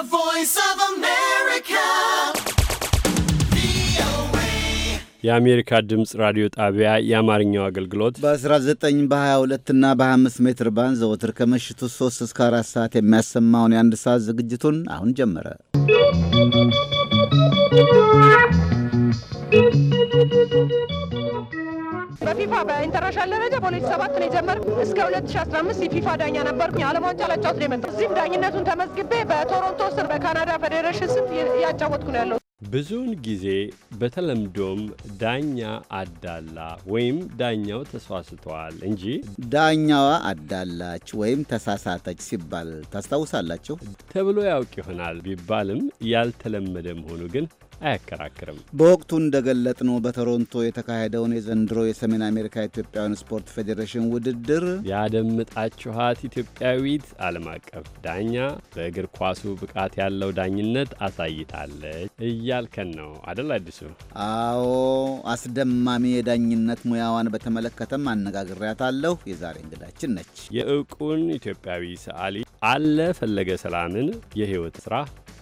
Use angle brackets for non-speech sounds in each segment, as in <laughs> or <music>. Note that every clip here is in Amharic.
The voice of America. የአሜሪካ ድምፅ ራዲዮ ጣቢያ የአማርኛው አገልግሎት በ19 በ22 እና በ25 ሜትር ባንድ ዘወትር ከምሽቱ 3 እስከ 4 ሰዓት የሚያሰማውን የአንድ ሰዓት ዝግጅቱን አሁን ጀመረ። በፊፋ በኢንተርናሽናል ደረጃ በሁለት ሺህ ሰባት ነው የጀመር እስከ ሁለት ሺህ አስራ አምስት የፊፋ ዳኛ ነበርኩኝ። ዓለም ዋንጫ ላጫወት ነው የመጣሁት። እዚህም ዳኝነቱን ተመዝግቤ በቶሮንቶ ስር በካናዳ ፌዴሬሽን ስር እያጫወትኩ ነው ያለው። ብዙውን ጊዜ በተለምዶም ዳኛ አዳላ ወይም ዳኛው ተሳስተዋል እንጂ ዳኛዋ አዳላች ወይም ተሳሳተች ሲባል ታስታውሳላችሁ ተብሎ ያውቅ ይሆናል ቢባልም ያልተለመደ መሆኑ ግን አያከራክርም። በወቅቱ ነው በቶሮንቶ የተካሄደውን የዘንድሮ የሰሜን አሜሪካ ኢትዮጵያውያን ስፖርት ፌዴሬሽን ውድድር ያደምጣችኋት ኢትዮጵያዊት ዓለም አቀፍ ዳኛ በእግር ኳሱ ብቃት ያለው ዳኝነት አሳይታለች እያልከን ነው አደል አዲሱ? አዎ፣ አስደማሚ የዳኝነት ሙያዋን በተመለከተም አነጋግሬያታለሁ። የዛሬ እንግዳችን ነች። የእውቁን ኢትዮጵያዊ ሰዓሊ አለ ፈለገ ሰላምን የህይወት ስራ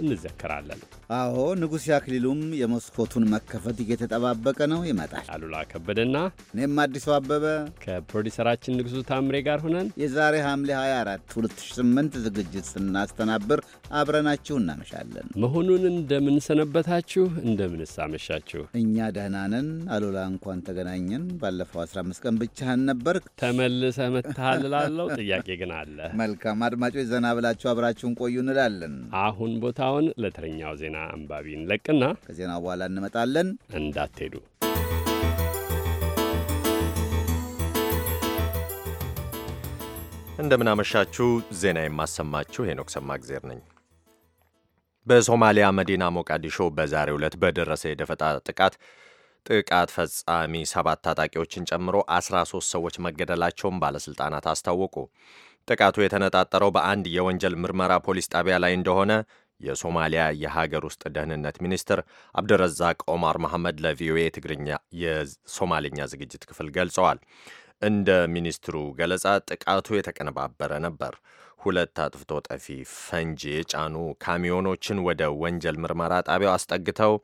እንዘከራለን። አዎ ንጉሥ አክሊሉም የመስኮቱን መከፈት እየተጠባበቀ ነው። ይመጣል። አሉላ ከበደና እኔም አዲሱ አበበ ከፕሮዲሰራችን ንጉሡ ታምሬ ጋር ሆነን የዛሬ ሐምሌ 24 2008 ዝግጅት ስናስተናብር አብረናችሁ እናመሻለን። መሆኑን እንደምንሰነበታችሁ እንደምንሳመሻችሁ እኛ ደህናነን። አሉላ እንኳን ተገናኘን። ባለፈው 15 ቀን ብቻህን ነበር። ተመልሰ መጥተሃል <laughs> እላለሁ። ጥያቄ ግን አለ። መልካም አድማጮች፣ ዘና ብላችሁ አብራችሁን ቆዩ እንላለን። አሁን ቦታውን ለተረኛው ዜና ዜና አንባቢ እንለቅና ከዜና በኋላ እንመጣለን። እንዳትሄዱ። እንደምናመሻችሁ። ዜና የማሰማችሁ ሄኖክ ሰማግዜር ነኝ። በሶማሊያ መዲና ሞቃዲሾ በዛሬው ዕለት በደረሰ የደፈጣ ጥቃት ጥቃት ፈጻሚ ሰባት ታጣቂዎችን ጨምሮ 13 ሰዎች መገደላቸውን ባለሥልጣናት አስታወቁ። ጥቃቱ የተነጣጠረው በአንድ የወንጀል ምርመራ ፖሊስ ጣቢያ ላይ እንደሆነ የሶማሊያ የሀገር ውስጥ ደህንነት ሚኒስትር አብደረዛቅ ኦማር መሐመድ ለቪኦኤ ትግርኛ የሶማሌኛ ዝግጅት ክፍል ገልጸዋል። እንደ ሚኒስትሩ ገለጻ ጥቃቱ የተቀነባበረ ነበር። ሁለት አጥፍቶ ጠፊ ፈንጂ የጫኑ ካሚዮኖችን ወደ ወንጀል ምርመራ ጣቢያው አስጠግተው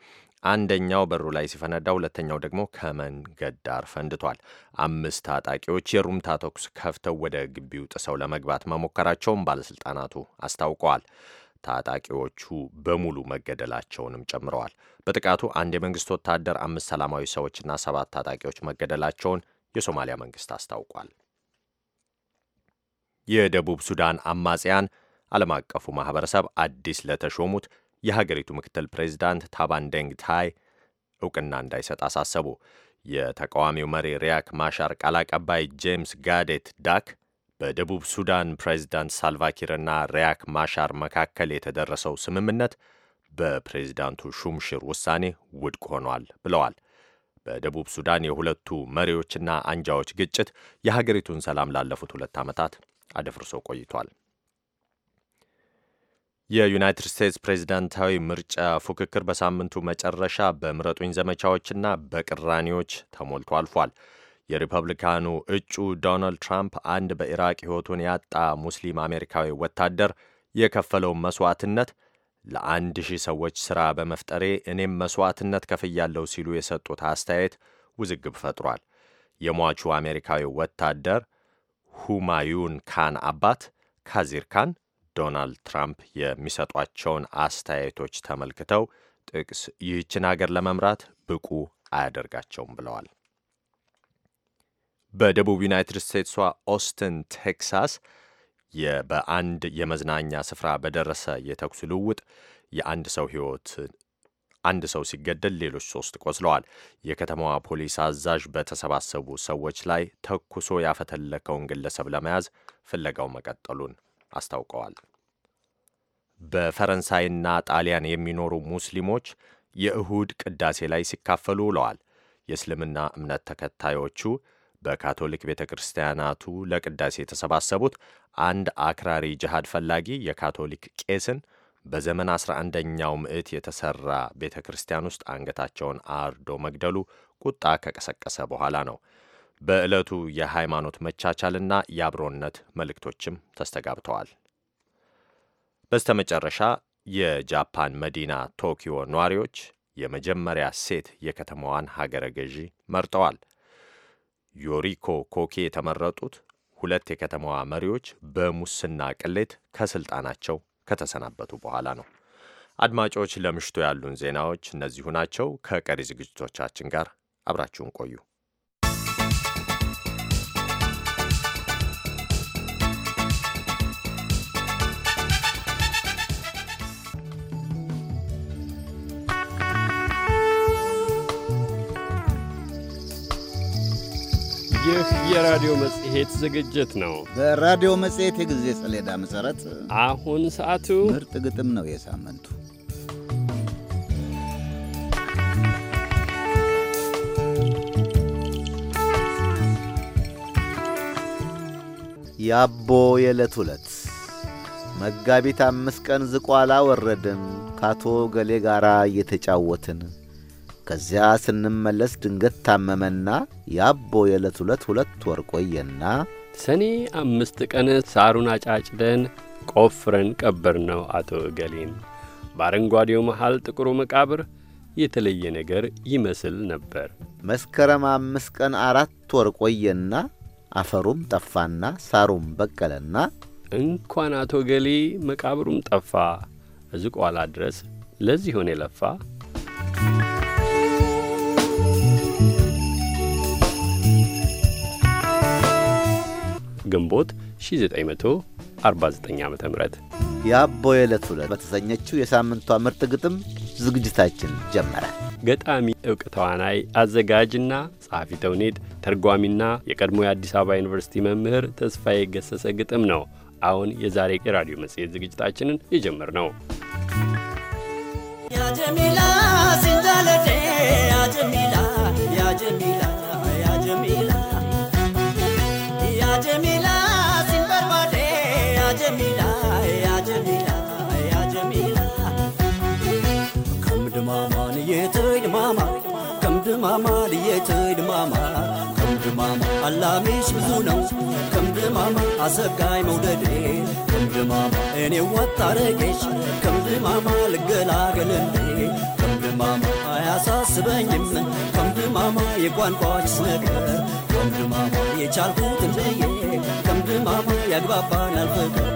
አንደኛው በሩ ላይ ሲፈነዳ፣ ሁለተኛው ደግሞ ከመንገድ ዳር ፈንድቷል። አምስት ታጣቂዎች የሩምታ ተኩስ ከፍተው ወደ ግቢው ጥሰው ለመግባት መሞከራቸውን ባለሥልጣናቱ አስታውቀዋል። ታጣቂዎቹ በሙሉ መገደላቸውንም ጨምረዋል። በጥቃቱ አንድ የመንግስት ወታደር፣ አምስት ሰላማዊ ሰዎችና ሰባት ታጣቂዎች መገደላቸውን የሶማሊያ መንግስት አስታውቋል። የደቡብ ሱዳን አማጽያን ዓለም አቀፉ ማህበረሰብ አዲስ ለተሾሙት የሀገሪቱ ምክትል ፕሬዚዳንት ታባን ደንግ ታይ እውቅና እንዳይሰጥ አሳሰቡ። የተቃዋሚው መሪ ሪያክ ማሻር ቃል አቀባይ ጄምስ ጋዴት ዳክ በደቡብ ሱዳን ፕሬዝዳንት ሳልቫኪርና ሪያክ ማሻር መካከል የተደረሰው ስምምነት በፕሬዝዳንቱ ሹምሽር ውሳኔ ውድቅ ሆኗል ብለዋል። በደቡብ ሱዳን የሁለቱ መሪዎችና አንጃዎች ግጭት የሀገሪቱን ሰላም ላለፉት ሁለት ዓመታት አደፍርሶ ቆይቷል። የዩናይትድ ስቴትስ ፕሬዝዳንታዊ ምርጫ ፉክክር በሳምንቱ መጨረሻ በምረጡኝ ዘመቻዎችና በቅራኔዎች ተሞልቶ አልፏል። የሪፐብሊካኑ እጩ ዶናልድ ትራምፕ አንድ በኢራቅ ሕይወቱን ያጣ ሙስሊም አሜሪካዊ ወታደር የከፈለው መስዋዕትነት ለአንድ ሺህ ሰዎች ሥራ በመፍጠሬ እኔም መስዋዕትነት ከፍያለሁ ሲሉ የሰጡት አስተያየት ውዝግብ ፈጥሯል። የሟቹ አሜሪካዊ ወታደር ሁማዩን ካን አባት ካዚር ካን ዶናልድ ትራምፕ የሚሰጧቸውን አስተያየቶች ተመልክተው ጥቅስ ይህችን አገር ለመምራት ብቁ አያደርጋቸውም ብለዋል። በደቡብ ዩናይትድ ስቴትሷ ኦስትን ቴክሳስ በአንድ የመዝናኛ ስፍራ በደረሰ የተኩስ ልውውጥ የአንድ ሰው ሕይወት አንድ ሰው ሲገደል ሌሎች ሶስት ቆስለዋል። የከተማዋ ፖሊስ አዛዥ በተሰባሰቡ ሰዎች ላይ ተኩሶ ያፈተለከውን ግለሰብ ለመያዝ ፍለጋው መቀጠሉን አስታውቀዋል። በፈረንሳይና ጣሊያን የሚኖሩ ሙስሊሞች የእሁድ ቅዳሴ ላይ ሲካፈሉ ውለዋል። የእስልምና እምነት ተከታዮቹ በካቶሊክ ቤተ ክርስቲያናቱ ለቅዳሴ የተሰባሰቡት አንድ አክራሪ ጅሃድ ፈላጊ የካቶሊክ ቄስን በዘመን 11ኛው ምዕት የተሠራ ቤተ ክርስቲያን ውስጥ አንገታቸውን አርዶ መግደሉ ቁጣ ከቀሰቀሰ በኋላ ነው። በዕለቱ የሃይማኖት መቻቻልና የአብሮነት መልእክቶችም ተስተጋብተዋል። በስተመጨረሻ የጃፓን መዲና ቶኪዮ ነዋሪዎች የመጀመሪያ ሴት የከተማዋን ሀገረ ገዢ መርጠዋል። ዮሪኮ ኮኬ የተመረጡት ሁለት የከተማዋ መሪዎች በሙስና ቅሌት ከስልጣናቸው ከተሰናበቱ በኋላ ነው። አድማጮች፣ ለምሽቱ ያሉን ዜናዎች እነዚሁ ናቸው። ከቀሪ ዝግጅቶቻችን ጋር አብራችሁን ቆዩ። ይህ የራዲዮ መጽሔት ዝግጅት ነው። በራዲዮ መጽሔት የጊዜ ሰሌዳ መሠረት አሁን ሰዓቱ ምርጥ ግጥም ነው። የሳምንቱ ያቦ የዕለት ሁለት መጋቢት አምስት ቀን ዝቋላ ወረድን ካቶ ገሌ ጋራ እየተጫወትን ከዚያ ስንመለስ ድንገት ታመመና የአቦ የዕለት ሁለት ሁለት ወር ቆየና ሰኔ አምስት ቀን ሳሩን አጫጭደን ቆፍረን ቀበር ነው አቶ እገሌን በአረንጓዴው መሃል ጥቁሩ መቃብር የተለየ ነገር ይመስል ነበር። መስከረም አምስት ቀን አራት ወር ቆየና አፈሩም ጠፋና ሳሩም በቀለና እንኳን አቶ ገሌ መቃብሩም ጠፋ እዝቋላ ድረስ ለዚህ ሆን የለፋ ግንቦት 1949 ዓ ም የአቦ የዕለት ሁለት በተሰኘችው የሳምንቷ ምርጥ ግጥም ዝግጅታችን ጀመረ። ገጣሚ እውቅ ተዋናይ፣ አዘጋጅና ጸሐፊ ተውኔት፣ ተርጓሚና የቀድሞ የአዲስ አበባ ዩኒቨርሲቲ መምህር ተስፋዬ ገሰሰ ግጥም ነው። አሁን የዛሬ የራዲዮ መጽሔት ዝግጅታችንን የጀመር ነው። ያጀሚላ ሲንዘለቴ ያጀሚላ ያጀሚላ ያጀሚላ yeter mama Kamdı mama yeter mama Kamdı mama Allah'mış ብዙ ነው ከምድ ማማ አሰቃይ መውደዴ ከምድ ማማ እኔ ወጣረቄሽ ከምድ ማማ ልገላገልንዴ ከምድ ማማ አያሳስበኝም ከምድ ማማ የቋንቋች ነገር ከምድ ማማ የቻልኩትን ብዬ ከምድ ማማ ያግባባናል ፍቅር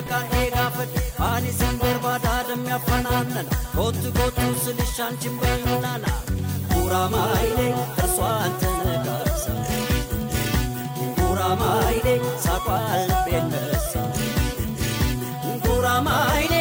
ነቃቄ ጋፈድ አኒስን በርባዳ ለሚያፈናነን ጎት ጎቱ ስልሽ አንቺን በይናና ጉራማይሌ እርሷ አንተነጋሰ ጉራማይሌ ሳቋል ጉራማይሌ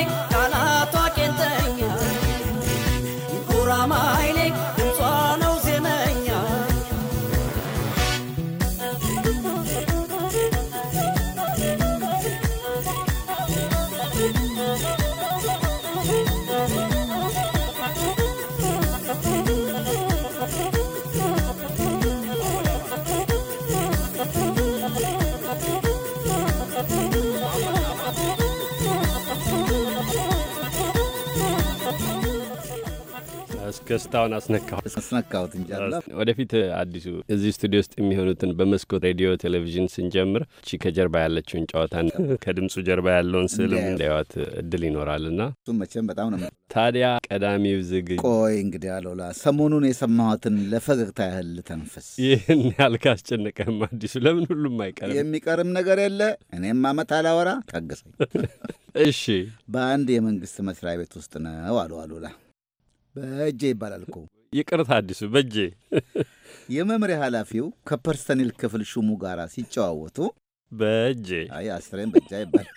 ገጽታውን አስነካሁ አስነካሁት እንጂ ወደፊት አዲሱ እዚህ ስቱዲዮ ውስጥ የሚሆኑትን በመስኮት ሬዲዮ፣ ቴሌቪዥን ስንጀምር እቺ ከጀርባ ያለችውን ጨዋታን ከድምፁ ጀርባ ያለውን ስዕልም እንዳይዋት እድል ይኖራል ና እሱም መቼም በጣም ነው። ታዲያ ቀዳሚው ዝግ ቆይ እንግዲህ አሎላ ሰሞኑን የሰማሁትን ለፈገግታ ያህል ልተንፍስ። ይህን ያልክ አስጨነቀህም አዲሱ ለምን ሁሉም አይቀርም? የሚቀርም ነገር የለ እኔም አመት አላወራ ታገሰኝ። እሺ በአንድ የመንግስት መስሪያ ቤት ውስጥ ነው አሉ አሉላ በእጄ ይባላል እኮ ይቅርታ፣ አዲሱ በእጄ የመምሪያ ኃላፊው ከፐርሰኔል ክፍል ሹሙ ጋር ሲጨዋወቱ በእጄ አይ አስሬም በእጃ ይባል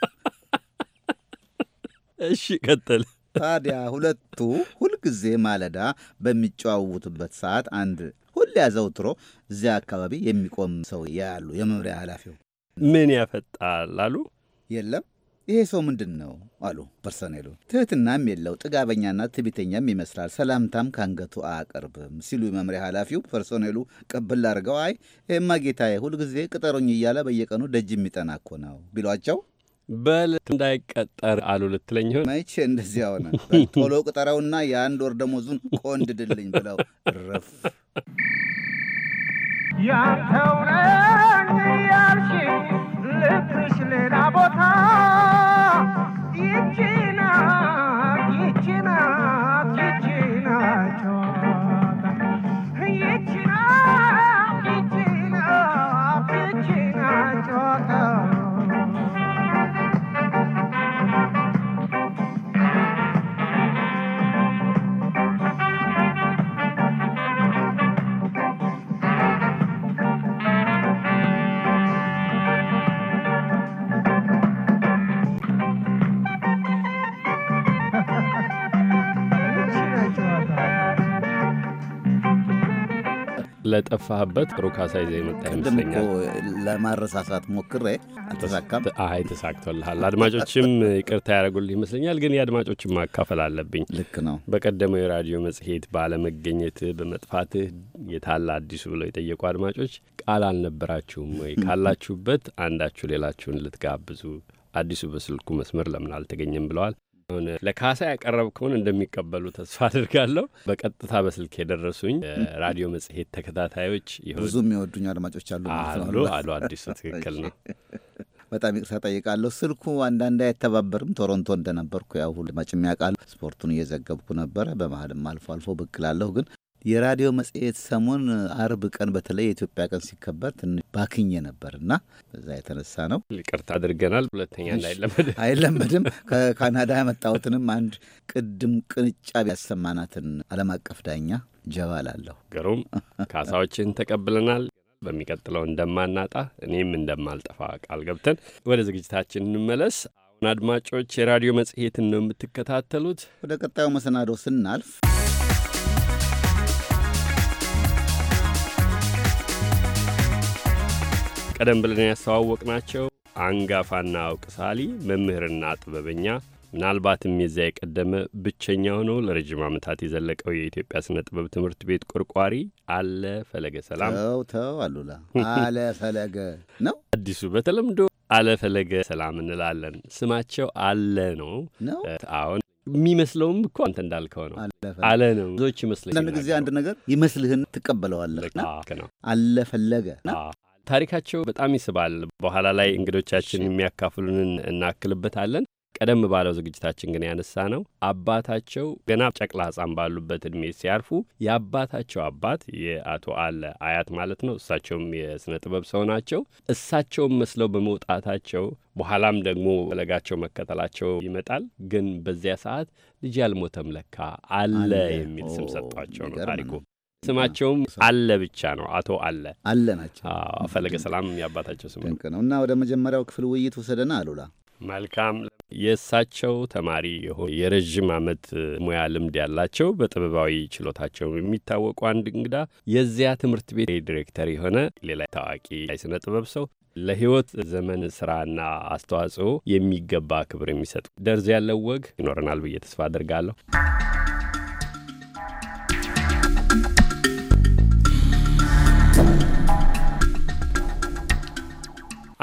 እሺ ቀጠል። ታዲያ ሁለቱ ሁልጊዜ ማለዳ በሚጨዋወቱበት ሰዓት አንድ ሁሌ ያዘውትሮ እዚያ አካባቢ የሚቆም ሰው ያሉ የመምሪያ ኃላፊው ምን ያፈጣል አሉ። የለም ይሄ ሰው ምንድን ነው አሉ ፐርሰኔሉ። ትህትናም የለው ጥጋበኛና ትቢተኛም ይመስላል፣ ሰላምታም ከአንገቱ አያቀርብም ሲሉ የመምሪያ ኃላፊው ፐርሶኔሉ ቅብል አድርገው አይ ይህማ ጌታዬ ሁልጊዜ ቅጠሩኝ እያለ በየቀኑ ደጅ የሚጠና እኮ ነው ቢሏቸው በል እንዳይቀጠር አሉ ልትለኝ ይሆን? መቼ እንደዚያ ሆነ። ቶሎ ቅጠረውና የአንድ ወር ደሞዙን ቆንድድልኝ ብለው ረፍ ያተውረን ያልሽ ልብሽ ሌላ ቦታ ይቺ ለጠፋህበት ጥሩ ካሳ ይዘህ የመጣ ይመስለኛል። ለማረሳሳት ሞክሬ አልተሳካም። አይ ተሳክቶልሃል። አድማጮችም ይቅርታ ያደረጉልህ ይመስለኛል። ግን የአድማጮችን ማካፈል አለብኝ። ልክ ነው። በቀደመው የራዲዮ መጽሔት ባለመገኘትህ በመጥፋትህ የታለ አዲሱ ብለው የጠየቁ አድማጮች ቃል አልነበራችሁም ወይ? <laughs> ካላችሁበት አንዳችሁ ሌላችሁን ልትጋብዙ አዲሱ በስልኩ መስመር ለምን አልተገኘም ብለዋል። አሁን ለካሳ ያቀረብከውን እንደሚቀበሉ ተስፋ አድርጋለሁ። በቀጥታ በስልክ የደረሱኝ ራዲዮ መጽሔት ተከታታዮች ብዙ የሚወዱኝ አድማጮች አሉ አሉ አሉ። አዲሱ ትክክል ነው። <laughs> በጣም ይቅርታ ጠይቃለሁ። ስልኩ አንዳንድ አይተባበርም። ቶሮንቶ እንደነበርኩ ያው ሁል መጭም ያውቃሉ። ስፖርቱን እየዘገብኩ ነበረ። በመሀልም አልፎ አልፎ ብቅላለሁ ግን የራዲዮ መጽሔት ሰሞን አርብ ቀን በተለይ የኢትዮጵያ ቀን ሲከበር ትንሽ ባክኜ ነበር እና የተነሳ ነው ይቅርታ አድርገናል። ሁለተኛ አይለመድም አይለመድም። ከካናዳ ያመጣሁትንም አንድ ቅድም ቅንጫ ያሰማናትን ዓለም አቀፍ ዳኛ ጀባ ላለሁ ገሩም ካሳዎችን ተቀብለናል። በሚቀጥለው እንደማናጣ እኔም እንደማልጠፋ ቃል ገብተን ወደ ዝግጅታችን እንመለስ። አሁን አድማጮች የራዲዮ መጽሔትን ነው የምትከታተሉት። ወደ ቀጣዩ መሰናዶ ስናልፍ ቀደም ብለን ያስተዋወቅ ናቸው አንጋፋና አውቅ ሳሊ መምህርና ጥበበኛ ምናልባትም የዚያ የቀደመ ብቸኛ ሆኖ ለረዥም ዓመታት የዘለቀው የኢትዮጵያ ስነ ጥበብ ትምህርት ቤት ቆርቋሪ አለ ፈለገ ሰላም። ተው ተው አሉላ አለ ፈለገ ነው አዲሱ በተለምዶ አለ ፈለገ ሰላም እንላለን። ስማቸው አለ ነው። አሁን የሚመስለውም እኮ አንተ እንዳልከው ነው። አለ ነው ብዙዎች ይመስለኛል። አንዳንድ ጊዜ አንድ ነገር ይመስልህን ትቀበለዋለህ። አለ ፈለገ ታሪካቸው በጣም ይስባል። በኋላ ላይ እንግዶቻችን የሚያካፍሉንን እናክልበታለን። ቀደም ባለው ዝግጅታችን ግን ያነሳ ነው አባታቸው ገና ጨቅላ ሕፃን ባሉበት እድሜ ሲያርፉ የአባታቸው አባት የአቶ አለ አያት ማለት ነው። እሳቸውም የሥነ ጥበብ ሰው ናቸው። እሳቸውም መስለው በመውጣታቸው በኋላም ደግሞ ፈለጋቸው መከተላቸው ይመጣል። ግን በዚያ ሰዓት ልጅ ያልሞተም ለካ አለ የሚል ስም ሰጧቸው ነው ታሪኩ። ስማቸውም አለ ብቻ ነው። አቶ አለ አለ ናቸው። ፈለገ ሰላም ያባታቸው ስም ድንቅ ነው እና ወደ መጀመሪያው ክፍል ውይይት ወሰደና አሉላ መልካም የእሳቸው ተማሪ የረዥም ዓመት ሙያ ልምድ ያላቸው በጥበባዊ ችሎታቸው የሚታወቁ አንድ እንግዳ የዚያ ትምህርት ቤት ዲሬክተር የሆነ ሌላ ታዋቂ ስነ ጥበብ ሰው ለሕይወት ዘመን ስራና አስተዋጽኦ የሚገባ ክብር የሚሰጥ ደርዝ ያለው ወግ ይኖረናል ብዬ ተስፋ አድርጋለሁ።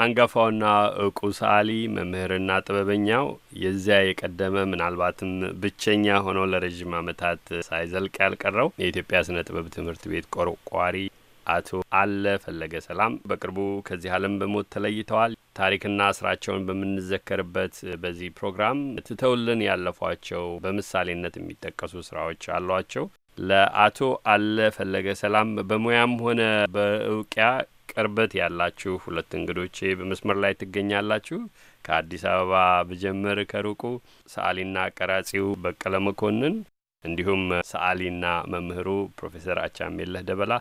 አንጋፋውና እውቁ ሰዓሊ መምህርና ጥበበኛው የዚያ የቀደመ ምናልባትም ብቸኛ ሆኖ ለረዥም ዓመታት ሳይዘልቅ ያልቀረው የኢትዮጵያ ስነ ጥበብ ትምህርት ቤት ቆርቋሪ አቶ አለ ፈለገ ሰላም በቅርቡ ከዚህ ዓለም በሞት ተለይተዋል። ታሪክና ስራቸውን በምንዘከርበት በዚህ ፕሮግራም ትተውልን ያለፏቸው በምሳሌነት የሚጠቀሱ ስራዎች አሏቸው። ለአቶ አለ ፈለገ ሰላም በሙያም ሆነ በእውቂያ ቅርበት ያላችሁ ሁለት እንግዶቼ በመስመር ላይ ትገኛላችሁ። ከአዲስ አበባ ብጀምር ከሩቁ ሰዓሊና ቀራጺው በቀለ መኮንን እንዲሁም ሰዓሊና መምህሩ ፕሮፌሰር አቻሜለህ ደበላ፣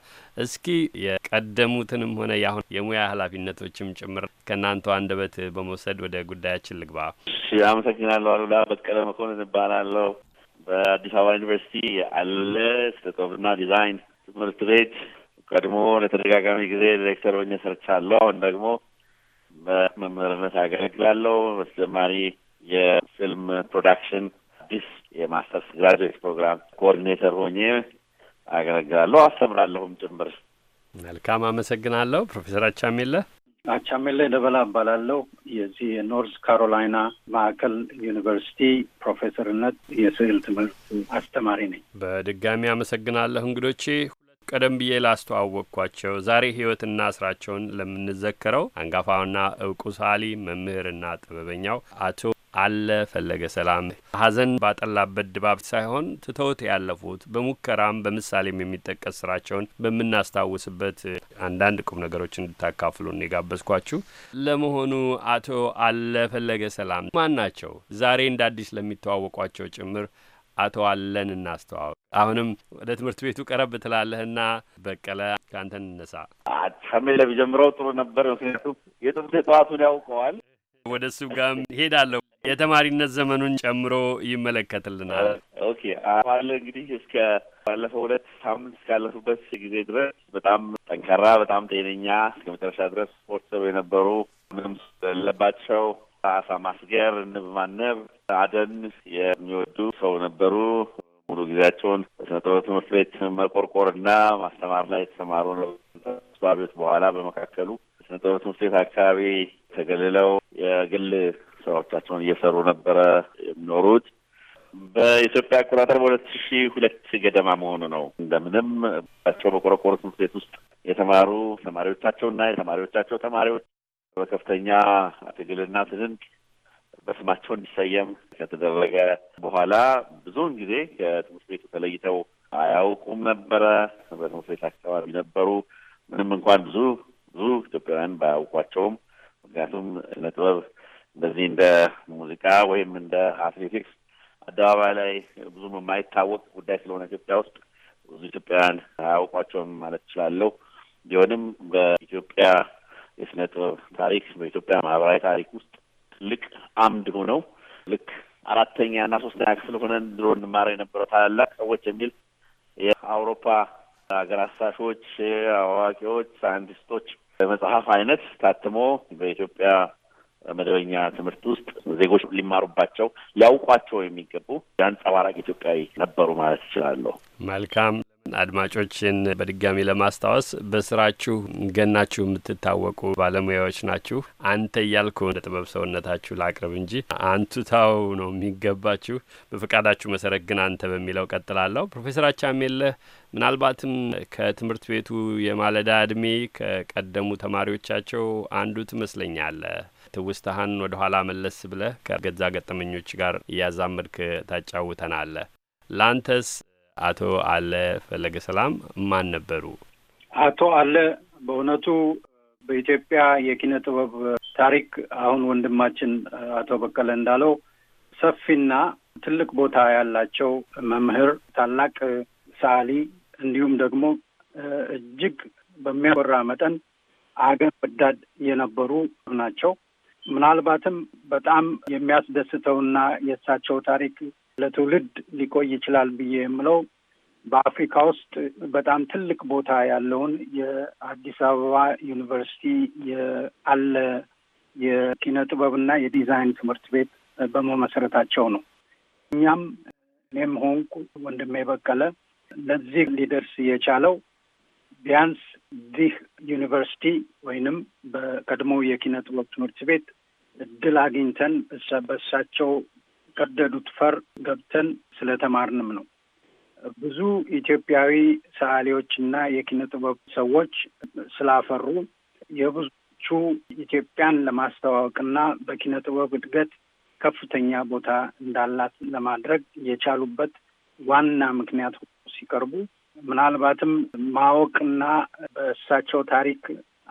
እስኪ የቀደሙትንም ሆነ የአሁን የሙያ ኃላፊነቶችም ጭምር ከእናንተ አንደበት በመውሰድ ወደ ጉዳያችን ልግባ። አመሰግናለሁ። አሉላ በቀለ መኮንን እባላለሁ። በአዲስ አበባ ዩኒቨርሲቲ ያለ ስነ ጥበብና ዲዛይን ትምህርት ቤት ቀድሞ ለተደጋጋሚ ጊዜ ዲሬክተር ሆኜ ሰርቻለሁ። አሁን ደግሞ በመምህርነት አገለግላለሁ። በተጨማሪ የፊልም ፕሮዳክሽን አዲስ የማስተርስ ግራጁዌት ፕሮግራም ኮኦርዲኔተር ሆኜ አገለግላለሁ፣ አስተምራለሁም ጭምር። መልካም አመሰግናለሁ። ፕሮፌሰር አቻሜለ አቻሜለ ደበላ እባላለሁ። የዚህ የኖርዝ ካሮላይና ማዕከል ዩኒቨርሲቲ ፕሮፌሰርነት የስዕል ትምህርት አስተማሪ ነኝ። በድጋሚ አመሰግናለሁ እንግዶቼ። ቀደም ብዬ ላስተዋወቅኳቸው ዛሬ ህይወትና ስራቸውን ለምንዘከረው አንጋፋውና እውቁ ሳሊ መምህርና ጥበበኛው አቶ አለ ፈለገ ሰላም ሀዘን ባጠላበት ድባብ ሳይሆን ትተውት ያለፉት በሙከራም በምሳሌም የሚጠቀስ ስራቸውን በምናስታውስበት አንዳንድ ቁም ነገሮች እንድታካፍሉን የጋበዝኳችሁ። ለመሆኑ አቶ አለ ፈለገ ሰላም ማን ናቸው? ዛሬ እንደ አዲስ ለሚተዋወቋቸው ጭምር አቶ አለን እናስተዋወቅ። አሁንም ወደ ትምህርት ቤቱ ቀረብ ትላለህና በቀለ ከአንተ እንነሳ። ከሜለ ቢጀምረው ጥሩ ነበር። ምክንያቱም የጥንት ጠዋቱን ያውቀዋል። ወደ እሱ ጋም ሄዳለሁ። የተማሪነት ዘመኑን ጨምሮ ይመለከትልናል። ኦኬ አለ እንግዲህ እስከ ባለፈው ሁለት ሳምንት እስካለፉበት ጊዜ ድረስ በጣም ጠንካራ፣ በጣም ጤነኛ እስከ መጨረሻ ድረስ ስፖርት ሰሩ የነበሩ ምንም ለባቸው አሳ ማስገር፣ ንብ ማነብ፣ አደን የሚወዱ ሰው ነበሩ። ሙሉ ጊዜያቸውን በስነ ጥበብ ትምህርት ቤት መቆርቆርና ማስተማር ላይ የተሰማሩ ነው። በኋላ በመካከሉ ስነ ጥበብ ትምህርት ቤት አካባቢ ተገልለው የግል ስራዎቻቸውን እየሰሩ ነበረ የሚኖሩት። በኢትዮጵያ አቆጣጠር በሁለት ሺ ሁለት ገደማ መሆኑ ነው። እንደምንም ቸው በቆረቆሩ ትምህርት ቤት ውስጥ የተማሩ ተማሪዎቻቸውና የተማሪዎቻቸው ተማሪዎች በከፍተኛ ትግልና ትንንቅ በስማቸው እንዲሰየም ከተደረገ በኋላ ብዙውን ጊዜ ከትምህርት ቤቱ ተለይተው አያውቁም ነበረ። በትምህርት ቤት አካባቢ ነበሩ። ምንም እንኳን ብዙ ብዙ ኢትዮጵያውያን ባያውቋቸውም፣ ምክንያቱም ስነ ጥበብ እንደዚህ እንደ ሙዚቃ ወይም እንደ አትሌቲክስ አደባባይ ላይ ብዙም የማይታወቅ ጉዳይ ስለሆነ ኢትዮጵያ ውስጥ ብዙ ኢትዮጵያውያን አያውቋቸውም ማለት እችላለሁ። ቢሆንም በኢትዮጵያ የስነ ጥበብ ታሪክ በኢትዮጵያ ማህበራዊ ታሪክ ውስጥ ትልቅ አምድ ሆነው ልክ አራተኛ እና ሶስተኛ ክፍል ሆነን ድሮ እንማረ የነበረው ታላላቅ ሰዎች የሚል የአውሮፓ ሀገር አሳሾች፣ አዋቂዎች፣ ሳይንቲስቶች መጽሐፍ አይነት ታትሞ በኢትዮጵያ መደበኛ ትምህርት ውስጥ ዜጎች ሊማሩባቸው ሊያውቋቸው የሚገቡ የአንጸባራቅ ኢትዮጵያዊ ነበሩ ማለት እችላለሁ። መልካም አድማጮችን በድጋሚ ለማስታወስ በስራችሁ ገናችሁ የምትታወቁ ባለሙያዎች ናችሁ። አንተ እያልኩ እንደ ጥበብ ሰውነታችሁ ላቅርብ እንጂ አንቱታው ነው የሚገባችሁ። በፈቃዳችሁ መሰረት ግን አንተ በሚለው ቀጥላለሁ። ፕሮፌሰር አቻሜለህ ምናልባትም ከትምህርት ቤቱ የማለዳ እድሜ ከቀደሙ ተማሪዎቻቸው አንዱ ትመስለኛለህ። ትውስታህን ወደ ኋላ መለስ ብለህ ከገዛ ገጠመኞች ጋር እያዛመድክ ታጫውተናለህ። ላንተስ አቶ አለ ፈለገ ሰላም ማን ነበሩ? አቶ አለ በእውነቱ በኢትዮጵያ የኪነ ጥበብ ታሪክ አሁን ወንድማችን አቶ በቀለ እንዳለው ሰፊና ትልቅ ቦታ ያላቸው መምህር፣ ታላቅ ሰዓሊ እንዲሁም ደግሞ እጅግ በሚያወራ መጠን አገር ወዳድ የነበሩ ናቸው። ምናልባትም በጣም የሚያስደስተውና የእሳቸው ታሪክ ለትውልድ ሊቆይ ይችላል ብዬ የምለው በአፍሪካ ውስጥ በጣም ትልቅ ቦታ ያለውን የአዲስ አበባ ዩኒቨርሲቲ አለ የኪነ ጥበብና የዲዛይን ትምህርት ቤት በመመሰረታቸው ነው። እኛም እኔም ሆንኩ ወንድሜ በቀለ ለዚህ ሊደርስ የቻለው ቢያንስ ዚህ ዩኒቨርሲቲ ወይንም በቀድሞ የኪነ ጥበብ ትምህርት ቤት እድል አግኝተን በእሳቸው ቀደዱት ፈር ገብተን ስለተማርንም ነው። ብዙ ኢትዮጵያዊ ሰዓሊዎችና የኪነ ጥበብ ሰዎች ስላፈሩ የብዙዎቹ ኢትዮጵያን ለማስተዋወቅና በኪነ ጥበብ እድገት ከፍተኛ ቦታ እንዳላት ለማድረግ የቻሉበት ዋና ምክንያት ሲቀርቡ ምናልባትም ማወቅና በእሳቸው ታሪክ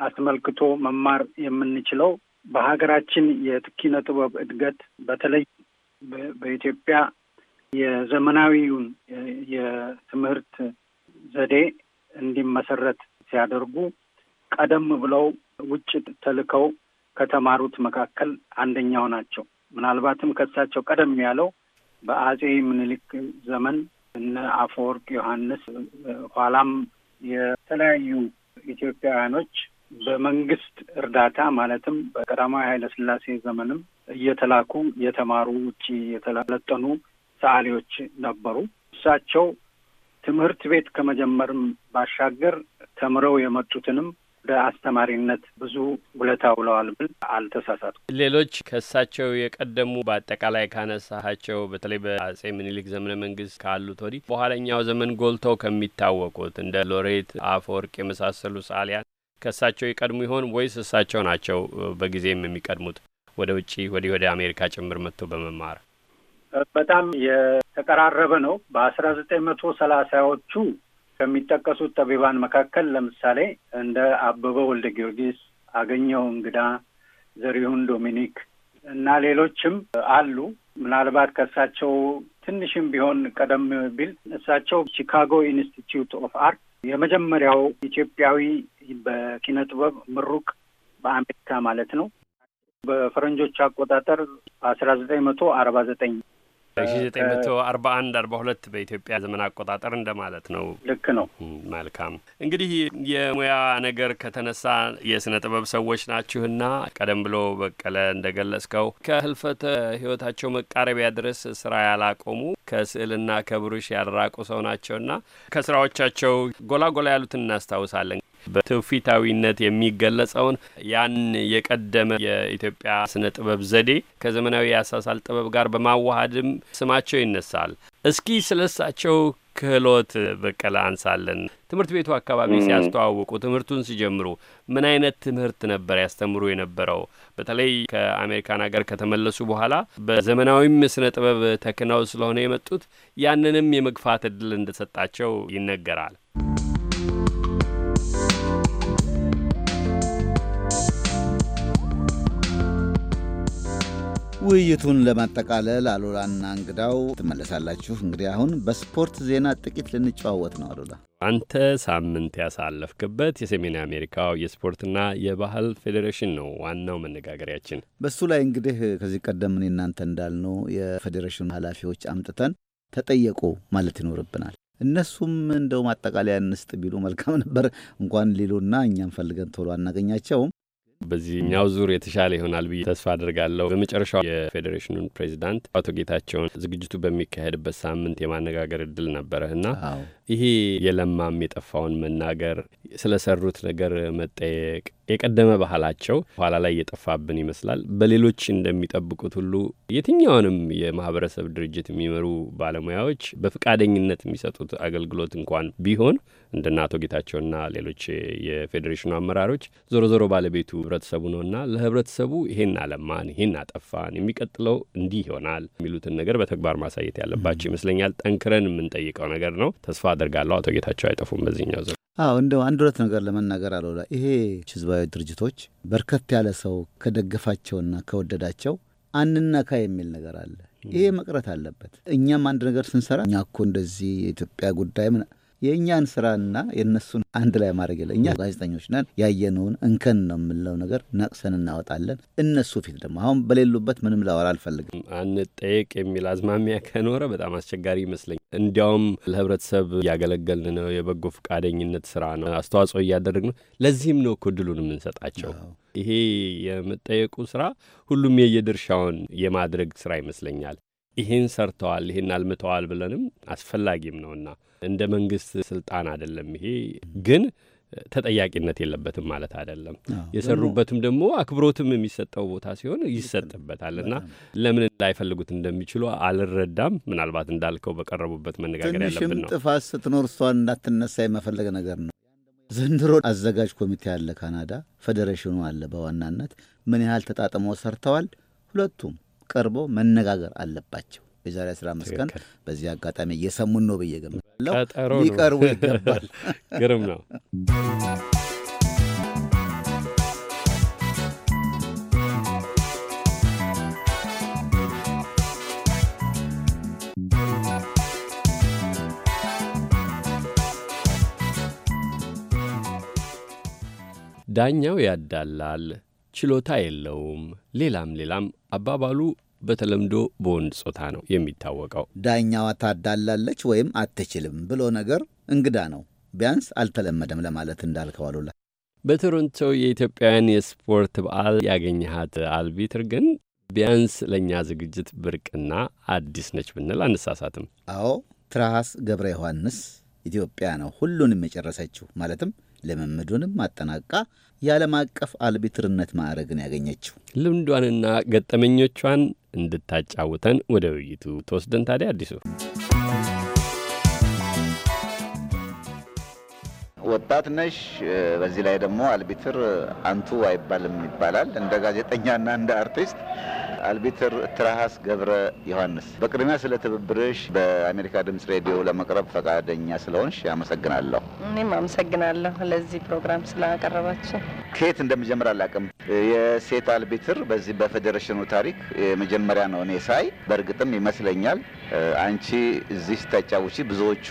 አስመልክቶ መማር የምንችለው በሀገራችን የኪነ ጥበብ እድገት በተለይ በኢትዮጵያ የዘመናዊውን የትምህርት ዘዴ እንዲመሰረት ሲያደርጉ ቀደም ብለው ውጭ ተልከው ከተማሩት መካከል አንደኛው ናቸው። ምናልባትም ከሳቸው ቀደም ያለው በአጼ ምኒልክ ዘመን እነ አፈወርቅ ዮሐንስ፣ ኋላም የተለያዩ ኢትዮጵያውያኖች በመንግስት እርዳታ ማለትም በቀዳማዊ ኃይለ ስላሴ ዘመንም እየተላኩ የተማሩ ውጭ የተለጠኑ ሰዓሊዎች ነበሩ። እሳቸው ትምህርት ቤት ከመጀመርም ባሻገር ተምረው የመጡትንም ለአስተማሪነት ብዙ ውለታ ውለዋል ብል አልተሳሳትኩም። ሌሎች ከእሳቸው የቀደሙ በአጠቃላይ ካነሳቸው በተለይ በአጼ ምኒልክ ዘመነ መንግስት ካሉት ወዲህ በኋለኛው ዘመን ጎልተው ከሚታወቁት እንደ ሎሬት አፈወርቅ የመሳሰሉ ሰዓሊያን ከእሳቸው የቀድሙ ይሆን ወይስ እሳቸው ናቸው በጊዜም የሚቀድሙት? ወደ ውጭ ወዲህ ወደ አሜሪካ ጭምር መጥቶ በመማር በጣም የተቀራረበ ነው። በአስራ ዘጠኝ መቶ ሰላሳዎቹ ከሚጠቀሱት ጠቢባን መካከል ለምሳሌ እንደ አበበ ወልደ ጊዮርጊስ፣ አገኘው እንግዳ፣ ዘሪሁን ዶሚኒክ እና ሌሎችም አሉ። ምናልባት ከእሳቸው ትንሽም ቢሆን ቀደም ቢል እሳቸው ቺካጎ ኢንስቲትዩት ኦፍ አርት የመጀመሪያው ኢትዮጵያዊ በኪነ ጥበብ ምሩቅ በአሜሪካ ማለት ነው በፈረንጆች አቆጣጠር አስራ ዘጠኝ መቶ አርባ ዘጠኝ ሺ ዘጠኝ መቶ አርባ አንድ አርባ ሁለት በኢትዮጵያ ዘመን አቆጣጠር እንደማለት ነው። ልክ ነው። መልካም እንግዲህ የሙያ ነገር ከተነሳ የስነ ጥበብ ሰዎች ናችሁና ቀደም ብሎ በቀለ እንደገለጽከው ከህልፈተ ህይወታቸው መቃረቢያ ድረስ ስራ ያላቆሙ ከስዕልና ከብሩሽ ያልራቁ ሰው ናቸውና ከስራዎቻቸው ጎላ ጎላ ያሉትን እናስታውሳለን። በትውፊታዊነት የሚገለጸውን ያን የቀደመ የኢትዮጵያ ስነ ጥበብ ዘዴ ከዘመናዊ የአሳሳል ጥበብ ጋር በማዋሃድም ስማቸው ይነሳል። እስኪ ስለሳቸው ክህሎት በቀለ አንሳለን። ትምህርት ቤቱ አካባቢ ሲያስተዋውቁ ትምህርቱን ሲጀምሩ ምን አይነት ትምህርት ነበር ያስተምሩ የነበረው? በተለይ ከአሜሪካን ሀገር ከተመለሱ በኋላ በዘመናዊም ስነ ጥበብ ተክነው ስለሆነ የመጡት ያንንም የመግፋት እድል እንደሰጣቸው ይነገራል። ውይይቱን ለማጠቃለል አሉላና እንግዳው ትመለሳላችሁ። እንግዲህ አሁን በስፖርት ዜና ጥቂት ልንጨዋወት ነው። አሉላ አንተ ሳምንት ያሳለፍክበት የሰሜን አሜሪካው የስፖርትና የባህል ፌዴሬሽን ነው ዋናው መነጋገሪያችን። በሱ ላይ እንግዲህ ከዚህ ቀደም እኔ እናንተ እንዳልነው የፌዴሬሽኑ ኃላፊዎች አምጥተን ተጠየቁ ማለት ይኖርብናል። እነሱም እንደው ማጠቃለያ እንስጥ ቢሉ መልካም ነበር። እንኳን ሊሉና እኛም ፈልገን ቶሎ አናገኛቸውም። በዚህኛው ዙር የተሻለ ይሆናል ብዬ ተስፋ አድርጋለሁ። በመጨረሻው የፌዴሬሽኑን ፕሬዚዳንት አቶ ጌታቸውን ዝግጅቱ በሚካሄድበት ሳምንት የማነጋገር እድል ነበረህ እና ይሄ የለማም የጠፋውን መናገር ስለሰሩት ነገር መጠየቅ የቀደመ ባህላቸው ኋላ ላይ እየጠፋብን ይመስላል። በሌሎች እንደሚጠብቁት ሁሉ የትኛውንም የማህበረሰብ ድርጅት የሚመሩ ባለሙያዎች በፈቃደኝነት የሚሰጡት አገልግሎት እንኳን ቢሆን እንደና አቶ ጌታቸውና ሌሎች የፌዴሬሽኑ አመራሮች ዞሮ ዞሮ ባለቤቱ ህብረተሰቡ ነውና ለህብረተሰቡ ይሄን አለማን ይሄን አጠፋን የሚቀጥለው እንዲህ ይሆናል የሚሉትን ነገር በተግባር ማሳየት ያለባቸው ይመስለኛል። ጠንክረን የምንጠይቀው ነገር ነው። ተስፋ አድርጋለሁ አቶ ጌታቸው አይጠፉም በዚህኛው ዙር አዎ እንደው አንድ ሁለት ነገር ለመናገር አለላ ይሄ ህዝባዊ ድርጅቶች በርከት ያለ ሰው ከደገፋቸውና ከወደዳቸው አንነካ የሚል ነገር አለ። ይሄ መቅረት አለበት። እኛም አንድ ነገር ስንሰራ እኛ እኮ እንደዚህ የኢትዮጵያ ጉዳይ የእኛን ስራና የእነሱን አንድ ላይ ማድረግ የለ። እኛ ጋዜጠኞች ነን፣ ያየነውን እንከን ነው የምንለው ነገር ነቅሰን እናወጣለን። እነሱ ፊት ደግሞ አሁን በሌሉበት ምንም ላወራ አልፈልግም። አንጠየቅ የሚል አዝማሚያ ከኖረ በጣም አስቸጋሪ ይመስለኛል። እንዲያውም ለህብረተሰብ እያገለገልን ነው፣ የበጎ ፈቃደኝነት ስራ ነው፣ አስተዋጽኦ እያደረግ ነው። ለዚህም ነው እኮ ድሉን የምንሰጣቸው። ይሄ የመጠየቁ ስራ ሁሉም የየድርሻውን የማድረግ ስራ ይመስለኛል። ይህን ሰርተዋል፣ ይህን አልምተዋል ብለንም አስፈላጊም ነውና እንደ መንግስት ስልጣን አይደለም ይሄ ግን ተጠያቂነት የለበትም ማለት አይደለም። የሰሩበትም ደግሞ አክብሮትም የሚሰጠው ቦታ ሲሆን ይሰጥበታል እና ለምን ላይፈልጉት እንደሚችሉ አልረዳም። ምናልባት እንዳልከው በቀረቡበት መነጋገር ያለብን ነው። ጥፋት ስትኖር እሷን እንዳትነሳ የመፈለግ ነገር ነው። ዘንድሮ አዘጋጅ ኮሚቴ አለ፣ ካናዳ ፌዴሬሽኑ አለ። በዋናነት ምን ያህል ተጣጥመው ሰርተዋል ሁለቱም ቀርቦ መነጋገር አለባቸው። የዛሬ 15 ቀን በዚህ አጋጣሚ እየሰሙን ነው ብዬ ገምታለሁ። ሊቀርቡ ይገባል። <laughs> ግርም ነው። ዳኛው ያዳላል ችሎታ የለውም፣ ሌላም ሌላም አባባሉ በተለምዶ በወንድ ጾታ ነው የሚታወቀው። ዳኛዋ ታዳላለች ወይም አትችልም ብሎ ነገር እንግዳ ነው፣ ቢያንስ አልተለመደም ለማለት እንዳልከው አሉላ። በቶሮንቶ የኢትዮጵያውያን የስፖርት በዓል ያገኘሃት አልቢትር ግን ቢያንስ ለእኛ ዝግጅት ብርቅና አዲስ ነች ብንል አንሳሳትም። አዎ ትራሃስ ገብረ ዮሐንስ ኢትዮጵያ ነው ሁሉንም የጨረሰችው ማለትም ልምምዱንም አጠናቃ የዓለም አቀፍ አልቢትርነት ማዕረግን ያገኘችው ልምዷንና ገጠመኞቿን እንድታጫውተን ወደ ውይይቱ ተወስደን ታዲያ አዲሱ ወጣት ነሽ። በዚህ ላይ ደግሞ አልቢትር አንቱ አይባልም ይባላል። እንደ ጋዜጠኛና እንደ አርቲስት አልቢትር ትራሃስ ገብረ ዮሐንስ፣ በቅድሚያ ስለ ትብብርሽ በአሜሪካ ድምፅ ሬዲዮ ለመቅረብ ፈቃደኛ ስለሆንሽ አመሰግናለሁ። እኔም አመሰግናለሁ ለዚህ ፕሮግራም ስላቀረባችሁ። ከየት እንደምጀምር አላቅም። የሴት አልቢትር በዚህ በፌዴሬሽኑ ታሪክ የመጀመሪያ ነው እኔ ሳይ፣ በእርግጥም ይመስለኛል አንቺ እዚህ ስታጫውቺ ብዙዎቹ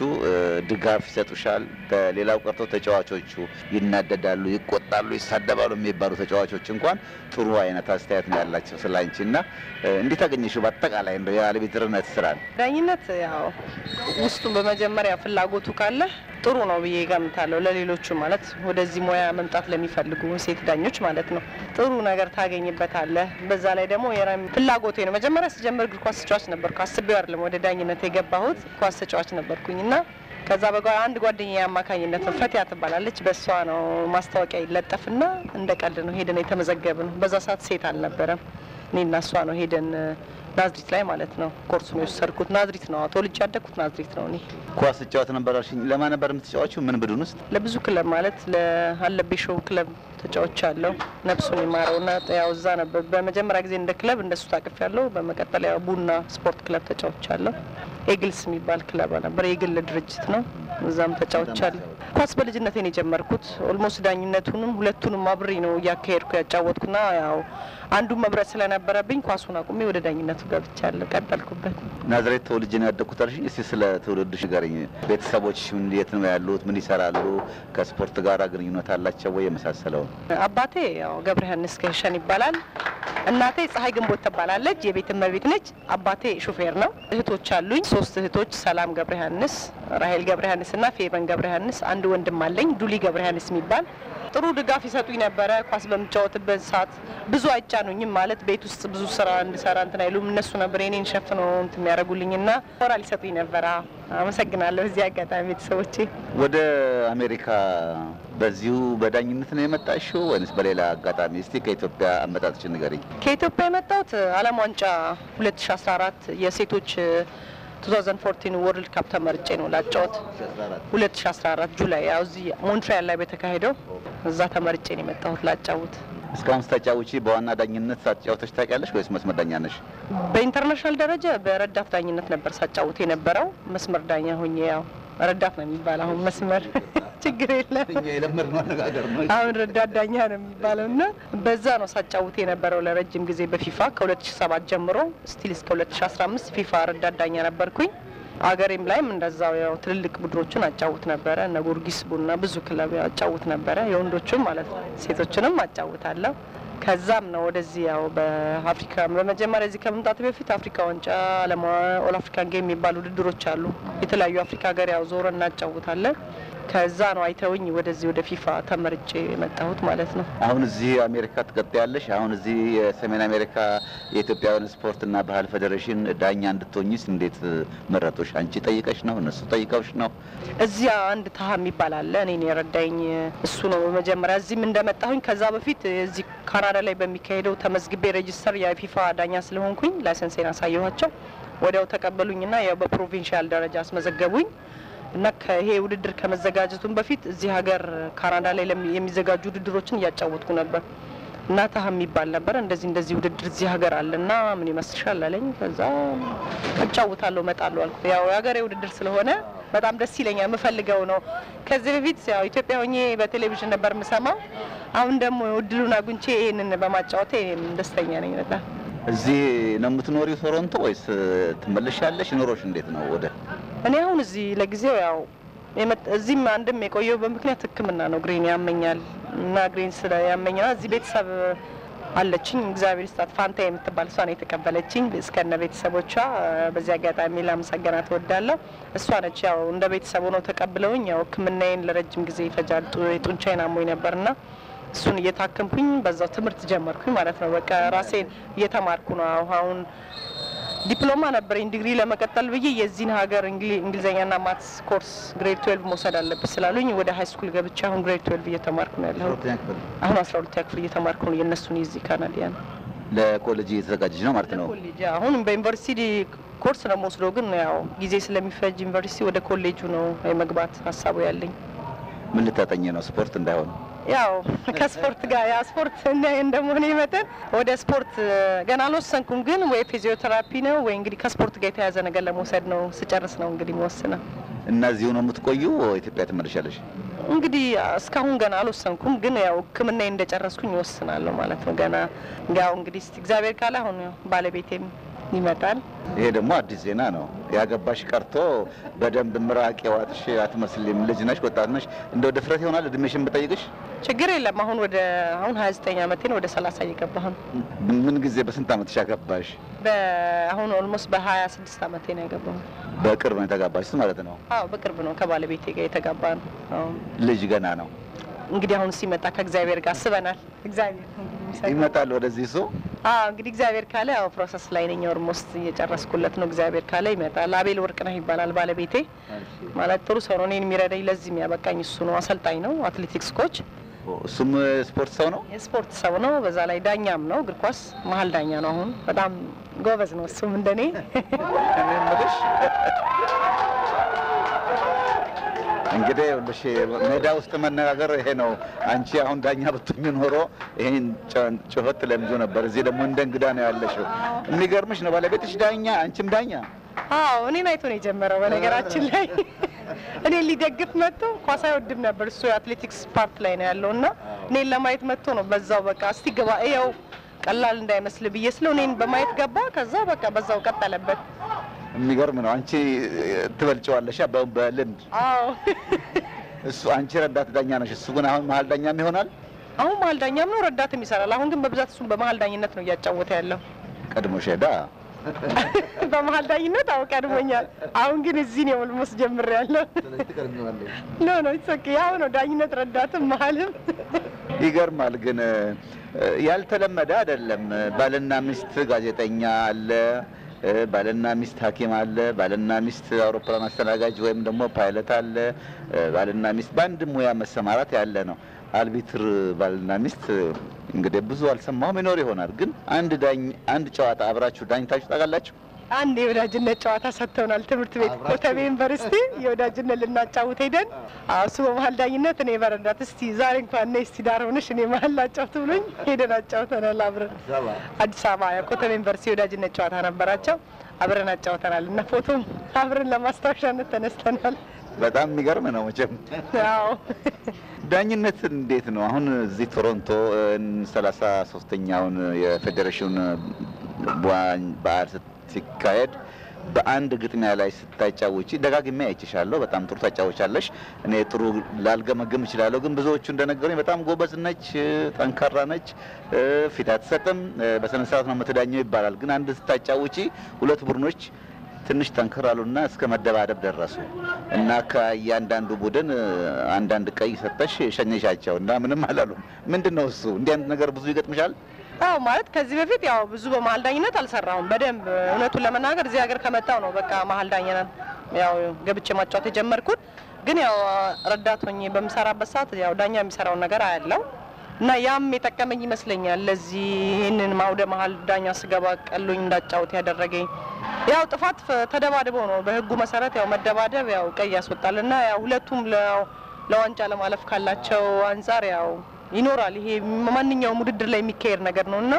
ድጋፍ ይሰጡሻል። በሌላው ቀርቶ ተጫዋቾቹ ይናደዳሉ፣ ይቆጣሉ፣ ይሳደባሉ የሚባሉ ተጫዋቾች እንኳን ጥሩ አይነት አስተያየት ነው ያላቸው ስለ አንቺ እና እንዴት አገኘሽው? በአጠቃላይ እንደው የባለቤትነት ስራ ነው ዳኝነት ያው ውስጡ በመጀመሪያ ፍላጎቱ ካለ ጥሩ ነው ብዬ ገምታለሁ። ለሌሎቹ ማለት ወደዚህ ሙያ መምጣት ለሚፈልጉ ሴት ዳኞች ማለት ነው ጥሩ ነገር ታገኝበታለህ። በዛ ላይ ደግሞ ፍላጎቴ ነው። መጀመሪያ ስጀምር እግር ኳስ ተጫዋች ነበርኩ። አስቤው አይደለም ወደ ዳኝነት የገባሁት ኳስ ተጫዋች ነበርኩኝ እና ከዛ አንድ ጓደኛ አማካኝነት ነው ፈቲያ ትባላለች። በእሷ ነው ማስታወቂያ ይለጠፍና እንደ ቀልድ ነው ሄደን የተመዘገብ ነው። በዛ ሰዓት ሴት አልነበረም። እኔና እሷ ነው ሄደን ናዝሪት ላይ ማለት ነው። ኮርስ ነው የወሰድኩት። ናዝሪት ነው ተወልጄ ያደግኩት ናዝሪት ነው። እኔ ኳስ ተጫዋት ነበር አልሽኝ። ለማን ነበር የምትጫወችው? ምን ብዱን ውስጥ? ለብዙ ክለብ ማለት ለአለቤሾው ክለብ ተጫዋች አለው ነፍሱን ይማረው ና ያው እዛ ነበር በመጀመሪያ ጊዜ እንደ ክለብ እንደሱ ታቅፍ ያለው። በመቀጠል ያው ቡና ስፖርት ክለብ ተጫዋች አለው። ኤግልስ የሚባል ክለብ ነበር፣ የግል ድርጅት ነው። እዛም ተጫዋች አለው። ኳስ በልጅነት ነው የጀመርኩት። ኦልሞስት ዳኝነቱንም ሁለቱንም አብሬ ነው እያካሄድኩ ያጫወትኩና ያው አንዱን መብረት ስለነበረብኝ ኳሱን አቁሜ ወደ ዳኝነቱ ገብቻለሁ፣ ቀጠልኩበት። ናዝሬት ተወልጄ ነው ያደግኩት አልሽኝ። እስኪ ስለ ትውልድሽ ንገሪኝ። ቤተሰቦች እንዴት ነው ያሉት? ምን ይሰራሉ? ከስፖርት ጋር ግንኙነት አላቸው ወይ? የመሳሰለው አባቴ ያው ገብረ ዮሐንስ ከሸን ይባላል። እናቴ ፀሐይ ግንቦት ትባላለች፣ የቤት እመቤት ነች። አባቴ ሹፌር ነው። እህቶች አሉኝ፣ ሶስት እህቶች ሰላም ገብረ ዮሐንስ፣ ራሄል ገብረ ዮሐንስ እና ፌበን ገብረ ዮሐንስ አንድ ወንድም አለኝ ዱሊ ገብረሃንስ የሚባል ጥሩ ድጋፍ ይሰጡኝ ነበረ። ኳስ በምጫወትበት ሰዓት ብዙ አይጫኑኝም ማለት ቤት ውስጥ ብዙ ስራ እንድሰራ እንትን አይሉም። እነሱ ነበር የኔን ሸፍነው እንትን የሚያደርጉልኝ እና ሞራል ይሰጡኝ ነበረ። አመሰግናለሁ። እዚህ አጋጣሚ ቤተሰቦቼ። ወደ አሜሪካ በዚሁ በዳኝነት ነው የመጣሽው ወይስ በሌላ አጋጣሚ? እስቲ ከኢትዮጵያ አመጣጥሽ ንገሪኝ። ከኢትዮጵያ የመጣሁት አለም ዋንጫ 2014 የሴቶች 2014 ወርልድ ካፕ ተመርጬ ነው ላጫወት 2014 ጁላይ ያው እዚህ ሞንትሪያል ላይ በተካሄደው እዛ ተመርጬ ነው የመጣሁት ላጫውት። እስካሁን ስታጫውቺ በዋና ዳኝነት ሳጫውተሽ ታውቂያለሽ ወይስ መስመር ዳኛ ነሽ? በኢንተርናሽናል ደረጃ በረዳት ዳኝነት ነበር ሳጫውት የነበረው መስመር ዳኛ ሆኜ ያው ረዳት ነው የሚባል አሁን መስመር <laughs> ችግር የለም። አሁን ረዳት ዳኛ ነው የሚባለው እና በዛ ነው ሳጫውት የነበረው ለረጅም ጊዜ በፊፋ ከ2007 ጀምሮ ስቲል እስከ 2015 ፊፋ ረዳት ዳኛ ነበርኩኝ። አገሬም ላይም እንደዛው ያው ትልልቅ ቡድኖችን አጫውት ነበረ። እነ ጊዮርጊስ ቡና፣ ብዙ ክለብ አጫውት ነበረ፣ የወንዶቹም ማለት ነው። ሴቶችንም አጫውታለሁ። ከዛም ነው ወደዚህ ያው በአፍሪካ በመጀመሪያ እዚህ ከመምጣት በፊት አፍሪካ ዋንጫ አለማ ኦል አፍሪካን ጌም የሚባሉ ውድድሮች አሉ። የተለያዩ አፍሪካ ሀገር ያው ዞረ እናጫውታለን። ከዛ ነው አይተውኝ ወደዚህ ወደ ፊፋ ተመርጬ የመጣሁት ማለት ነው። አሁን እዚህ አሜሪካ ትቀጥያለሽ። አሁን እዚህ የሰሜን አሜሪካ የኢትዮጵያውያን ስፖርትና ባህል ፌዴሬሽን ዳኛ እንድትሆኝስ እንዴት መረጦሽ? አንቺ ጠይቀሽ ነው? እነሱ ጠይቀውሽ ነው? እዚያ አንድ ታሀ ይባላል እኔን የረዳኝ እሱ ነው መጀመሪያ እዚህም እንደመጣሁኝ። ከዛ በፊት እዚህ ካናዳ ላይ በሚካሄደው ተመዝግቤ ሬጅስተር የፊፋ ዳኛ ስለሆንኩኝ ላይሰንሴን አሳየኋቸው። ወዲያው ተቀበሉኝና ያው በፕሮቪንሻል ደረጃ አስመዘገቡኝ። እና ይሄ ውድድር ከመዘጋጀቱን በፊት እዚህ ሀገር ካናዳ ላይ የሚዘጋጁ ውድድሮችን እያጫወትኩ ነበር እና ታህ የሚባል ነበር እንደዚህ እንደዚህ ውድድር እዚህ ሀገር አለ እና ምን ይመስልሻል አለኝ። ከዛ እጫወታለሁ እመጣለሁ አልኩ። ያው የሀገሬ ውድድር ስለሆነ በጣም ደስ ይለኛል፣ የምፈልገው ነው። ከዚህ በፊት ያው ኢትዮጵያ ሆኜ በቴሌቪዥን ነበር የምሰማው። አሁን ደግሞ እድሉን አጉንቼ ይህንን በማጫወቴ ደስተኛ ነኝ በጣም እዚህ ነው የምትኖሪ ቶሮንቶ ወይስ ትመለሻለሽ? ኑሮሽ እንዴት ነው? ወደ እኔ አሁን እዚህ ለጊዜው ያው እዚህም አንድም የቆየው በምክንያት ሕክምና ነው። ግሪን ያመኛል እና ግሪን ስለ ያመኛል እዚህ ቤተሰብ አለችኝ እግዚአብሔር ስታት ፋንታ የምትባል እሷ ነው የተቀበለችኝ እስከነ ቤተሰቦቿ። በዚህ አጋጣሚ ላመሰግናት እወዳለሁ። እሷ ነች ያው እንደ ቤተሰቡ ነው ተቀብለውኝ ያው ሕክምናዬን ለረጅም ጊዜ ይፈጃል። ጡንቻዬን አሞኝ ነበርና እሱን እየታከምኩኝ በዛው ትምህርት ጀመርኩኝ ማለት ነው። በቃ ራሴን እየተማርኩ ነው። አሁን ዲፕሎማ ነበረኝ ዲግሪ ለመቀጠል ብዬ የዚህን ሀገር እንግሊዝኛና ማትስ ኮርስ ግሬድ ትዌልቭ መውሰድ አለብህ ስላሉኝ ወደ ሀይ ስኩል ገብቼ አሁን ግሬድ ትዌልቭ እየተማርኩ ነው ያለሁ። አሁን አስራ ሁለተኛ ክፍል እየተማርኩ ነው የእነሱን የዚህ ካናዲያን። ለኮሌጅ እየተዘጋጀች ነው ማለት ነው። አሁን በዩኒቨርሲቲ ኮርስ ነው መወስዶ፣ ግን ያው ጊዜ ስለሚፈጅ ዩኒቨርሲቲ ወደ ኮሌጁ ነው የመግባት ሀሳቡ ያለኝ። ምን ልታጠኝ ነው? ስፖርት እንዳይሆን ያው ከስፖርት ጋር ያ ስፖርት እንደመሆነ መጠን ወደ ስፖርት ገና አልወሰንኩም፣ ግን ወይ ፊዚዮቴራፒ ነው ወይ እንግዲህ ከስፖርት ጋር የተያዘ ነገር ለመውሰድ ነው። ስጨርስ ነው እንግዲህ መወስነው። እና እዚሁ ነው የምትቆዩ? ኢትዮጵያ ትመለሻለሽ? እንግዲህ እስካሁን ገና አልወሰንኩም፣ ግን ያው ሕክምና እንደጨረስኩኝ እወስናለሁ ማለት ነው። ገና ያው እንግዲህ እግዚአብሔር ካለ አሁን ባለቤቴም ይመጣል። ይሄ ደግሞ አዲስ ዜና ነው። ያገባሽ ቀርቶ በደንብ ምራቅ የዋጥሽ አትመስልም። ልጅ ነሽ፣ ወጣት ነሽ። እንደው ድፍረት ይሆናል እድሜሽን ብጠይቅሽ? ችግር የለም። አሁን ወደ አሁን 29 ዓመቴን ወደ 30 እየገባሁ ነው። ምን ጊዜ በስንት ዓመትሽ ያገባሽ? አሁን ኦልሞስት በ26 ዓመቴ ነው ያገባሁ። በቅርብ ነው የተጋባሽ ማለት ነው? አዎ፣ በቅርብ ነው ከባለቤቴ ጋር የተጋባ ነው። ልጅ ገና ነው እንግዲህ አሁን ሲመጣ ከእግዚአብሔር ጋር አስበናል። እግዚአብሔር ይመጣል ወደዚህ ሰው እንግዲህ እግዚአብሔር ካለ ያው ፕሮሰስ ላይ ነኝ። ኦልሞስት እየጨረስኩለት ነው። እግዚአብሔር ካለ ይመጣል። አቤል ወርቅ ነህ ይባላል ባለቤቴ። ማለት ጥሩ ሰው ነው። እኔን የሚረዳኝ ለዚህ የሚያበቃኝ እሱ ነው። አሰልጣኝ ነው፣ አትሌቲክስ ኮች። እሱም ስፖርት ሰው ነው፣ ስፖርት ሰው ነው። በዛ ላይ ዳኛም ነው፣ እግር ኳስ መሀል ዳኛ ነው። አሁን በጣም ጎበዝ ነው እሱም እንደኔ እንግዲህ ሜዳ ውስጥ መነጋገር ይሄ ነው። አንቺ አሁን ዳኛ ብትኝ ኖሮ ይህን ጩኸት ለምዙ ነበር። እዚህ ደግሞ እንደ እንግዳ ነው ያለሽው። የሚገርምሽ ነው ባለቤትሽ ዳኛ፣ አንቺም ዳኛ። አዎ እኔን አይቶ ነው የጀመረው። በነገራችን ላይ እኔ ሊደግፍ መጥቶ ኳስ አይወድም ነበር እሱ የአትሌቲክስ ፓርት ላይ ነው ያለው እና እኔን ለማየት መጥቶ ነው በዛው በቃ እስቲ ግባ ያው ቀላል እንዳይመስል ብዬ ስለው እኔን በማየት ገባ። ከዛ በቃ በዛው ቀጠለበት። የሚገርም ነው። አንቺ ትበልጨዋለሽ በልምድ እሱ አንቺ ረዳት ዳኛ ነሽ፣ እሱ ግን አሁን መሀል ዳኛም ይሆናል። አሁን መሀል ዳኛም ነው ረዳትም ይሰራል። አሁን ግን በብዛት እሱን በመሀል ዳኝነት ነው እያጫወተ ያለው። ቀድሞ ሸዳ <laughs> በመሀል ዳኝነት አው ቀድሞኛል። አሁን ግን እዚህ ነው ልሞስ ጀምር ያለው ኖ ኖ ይሰክ ያው ነው ዳኝነት ረዳትም መሀልም ይገርማል። ግን ያልተለመደ አይደለም። ባልና ሚስት ጋዜጠኛ አለ ባልና ሚስት ሐኪም አለ፣ ባልና ሚስት አውሮፕላን አስተናጋጅ ወይም ደግሞ ፓይለት አለ። ባልና ሚስት በአንድ ሙያ መሰማራት ያለ ነው። አልቢትር ባልና ሚስት እንግዲህ ብዙ አልሰማሁም፣ ይኖር ይሆናል። ግን አንድ ዳኝ አንድ ጨዋታ አብራችሁ ዳኝታችሁ ታውቃላችሁ? አንድ የወዳጅነት ጨዋታ ሰጥተውናል። ትምህርት ቤት ኮተቤ ዩኒቨርሲቲ የወዳጅነት ልናጫውት ሄደን እሱ በመሀል ዳኝነት፣ እኔ በረዳት። እስቲ ዛሬ እንኳን ነ እስቲ ዳር ሆነሽ እኔ መሀል ላጫውት ብሎኝ ሄደን አጫውተናል አብረን። አዲስ አበባ ኮተቤ ዩኒቨርሲቲ የወዳጅነት ጨዋታ ነበራቸው፣ አብረን አጫውተናል እና ፎቶም አብረን ለማስታወሻነት ተነስተናል። በጣም የሚገርም ነው መቼም። አዎ ዳኝነት እንዴት ነው አሁን እዚህ ቶሮንቶ ሰላሳ ሶስተኛውን የፌዴሬሽን በዓል ሲካሄድ በአንድ ግጥሚያ ላይ ስታጫውቺ ደጋግሜ አይችሻለሁ። በጣም ጥሩ ታጫውቻለሽ። እኔ ጥሩ ላልገመግም እችላለሁ፣ ግን ብዙዎቹ እንደነገሩኝ በጣም ጎበዝ ነች፣ ጠንካራ ነች፣ ፊት አትሰጥም፣ በስነ ስርዓት ነው የምትዳኘው ይባላል። ግን አንድ ስታጫውቺ ሁለት ቡድኖች ትንሽ ጠንክራሉና እስከ መደባደብ ደረሱ እና ከእያንዳንዱ ቡድን አንዳንድ ቀይ ሰጠሽ ሸኘሻቸው እና ምንም አላሉም። ምንድን ነው እሱ? እንዲህ አይነት ነገር ብዙ ይገጥምሻል? አዎ ማለት ከዚህ በፊት ያው ብዙ በመሀል ዳኝነት አልሰራሁም። በደንብ እውነቱን ለመናገር እዚህ ሀገር ከመጣው ነው በቃ መሀል ዳኝነት ያው ገብቼ ማጫወት የጀመርኩት። ግን ያው ረዳት ሆኜ በምሰራበት ሰዓት ያው ዳኛ የሚሰራውን ነገር አያለው እና ያም የጠቀመኝ ይመስለኛል። ለዚህ ይህንን ማውደ መሀል ዳኛ ስገባ ቀሎኝ እንዳጫወት ያደረገኝ ያው ጥፋት ተደባድቦ ነው። በህጉ መሰረት ያው መደባደብ ያው ቀይ ያስወጣል እና ያው ሁለቱም ለዋንጫ ለማለፍ ካላቸው አንጻር ያው ይኖራል። ይሄ ማንኛውም ውድድር ላይ የሚካሄድ ነገር ነው እና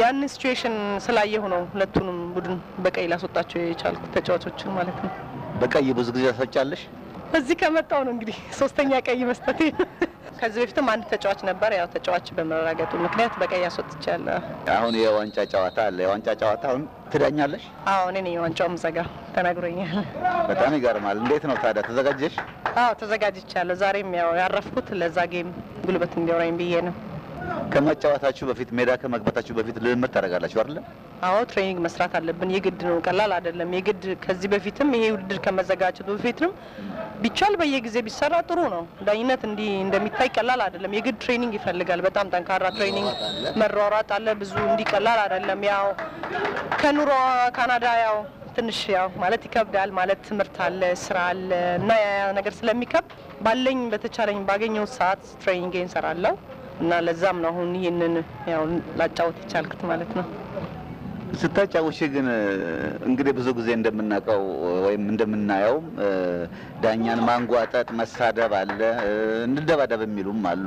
ያንን ሲትዌሽን ስላየሁ ነው ሁለቱንም ቡድን በቀይ ላስወጣቸው የቻልኩ ተጫዋቾችን ማለት ነው። በቀይ ብዙ ጊዜ ታስወጫለሽ? እዚህ ከመጣው ነው እንግዲህ ሶስተኛ ቀይ መስጠቴ ከዚህ በፊትም አንድ ተጫዋች ነበር። ያው ተጫዋች በመራገጡ ምክንያት በቀይ አስወጥቻለሁ። አሁን የዋንጫ ጨዋታ አለ። የዋንጫ ጨዋታ አሁን ትዳኛለሽ? አዎ እኔ ነኝ የዋንጫውም ዘጋ ተናግሮኛል። በጣም ይገርማል። እንዴት ነው ታዲያ ተዘጋጀሽ? አዎ ተዘጋጅቻለሁ። ዛሬም ያው ያረፍኩት ለዛ ጌም ጉልበት እንዲኖረኝ ብዬ ነው። ከመጫወታችሁ በፊት ሜዳ ከመግባታችሁ በፊት ልምምድ ታደርጋላችሁ አይደለ? አዎ ትሬኒንግ መስራት አለብን። የግድ ነው፣ ቀላል አይደለም። የግድ ከዚህ በፊትም ይሄ ውድድር ከመዘጋጀቱ በፊትም ቢቻል በየጊዜ ቢሰራ ጥሩ ነው። ዳኝነት እንዲህ እንደሚታይ ቀላል አይደለም። የግድ ትሬኒንግ ይፈልጋል። በጣም ጠንካራ ትሬኒንግ፣ መሯሯጥ አለ ብዙ። እንዲህ ቀላል አይደለም። ያው ከኑሮ ካናዳ ያው ትንሽ ያው ማለት ይከብዳል። ማለት ትምህርት አለ፣ ስራ አለ እና ያ ነገር ስለሚከብድ ባለኝ በተቻለኝ ባገኘው ሰዓት ትሬኒንግ እንሰራለሁ። እና ለዛም ነው አሁን ይህንን ያው ላጫወት የቻልኩት ማለት ነው። ስታጫውሽ ግን እንግዲህ ብዙ ጊዜ እንደምናውቀው ወይም እንደምናየው ዳኛን ማንጓጠጥ፣ መሳደብ አለ፣ እንደደባደብ የሚሉም አሉ።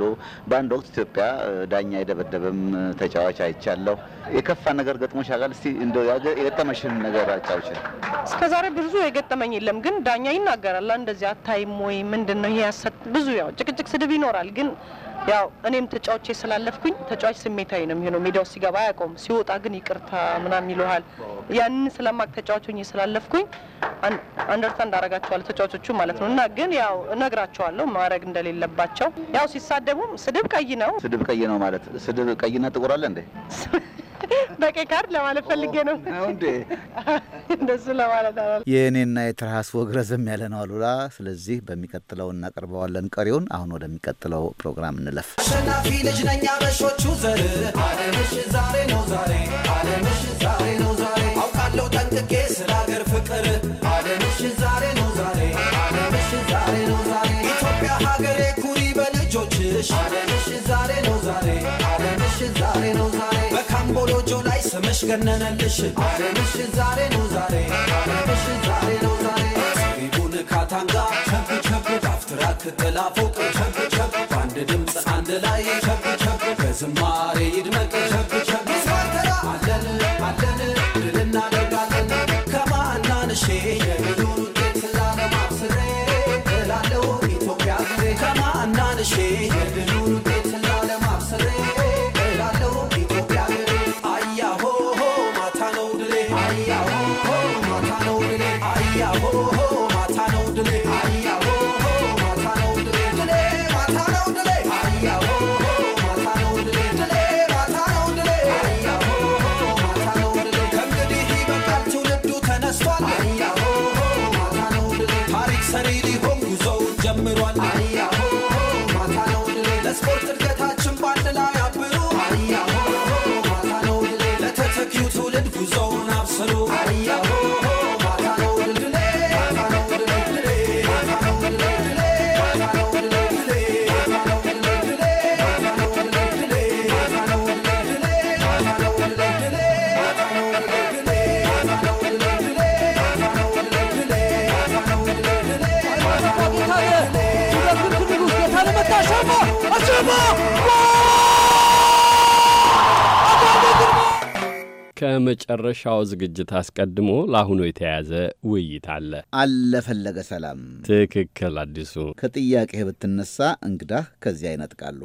በአንድ ወቅት ኢትዮጵያ ዳኛ የደበደበም ተጫዋች አይቻለሁ። የከፋ ነገር ገጥሞሽ ያውቃል? እስቲ እንደው የገጠመሽን ነገር አጫውች። እስከዛሬ ብዙ የገጠመኝ የለም፣ ግን ዳኛ ይናገራል። እንደዚህ አታይም ወይ ምንድን ነው ይሄ? ብዙ ያው ጭቅጭቅ፣ ስድብ ይኖራል ግን ያው እኔም ተጫዋቼ ስላለፍኩኝ ተጫዋች ስሜታዊ ነው የሚሆነው። ሜዳው ሲገባ አያውቀውም፣ ሲወጣ ግን ይቅርታ ምናምን ይለሃል። ያንን ስለማቅ ተጫዋቾኝ ስላለፍኩኝ አንደርስታንድ አረጋቸዋለሁ ተጫዋቾቹ ማለት ነው። እና ግን ያው እነግራቸዋለሁ ማድረግ እንደሌለባቸው። ያው ሲሳደቡም ስድብ ቀይ ነው፣ ስድብ ቀይ ነው ማለት ስድብ ቀይና ጥቁር አለ እንዴ? <laughs> በቀይ ካርድ ለማለት ፈልጌ ነው እንዴ? እንደሱ ለማለት አላል። የእኔና የትርሃስ ወግ ረዘም ያለ ነው አሉላ። ስለዚህ በሚቀጥለው እናቀርበዋለን ቀሪውን። አሁን ወደሚቀጥለው ፕሮግራም እንለፍ። አሸናፊ ልጅ ነኝ አበሾቹ ዘር አለምሽ ዛሬ ነው ዛሬ አለምሽ ዛሬ ነው ዛሬ አውቃለሁ ጠንቅቄ ስራ ገነነልሽ ገነነልሽ አለንሽ ዛሬ ነው ዛሬ አለንሽ ዛሬ ነው ዛሬ ስሪቡን ካታንጋ ቸብ ቸብ ካፍትራክ ፎቅ ቸብ ቸብ በአንድ ድምፅ አንድ ላይ ቸብ ቸብ በዝማሬ ይድመቅ Salud. ከመጨረሻው ዝግጅት አስቀድሞ ለአሁኑ የተያዘ ውይይት አለ አለፈለገ ሰላም። ትክክል አዲሱ ከጥያቄ ብትነሳ እንግዳህ ከዚያ ይነጥቃሉ።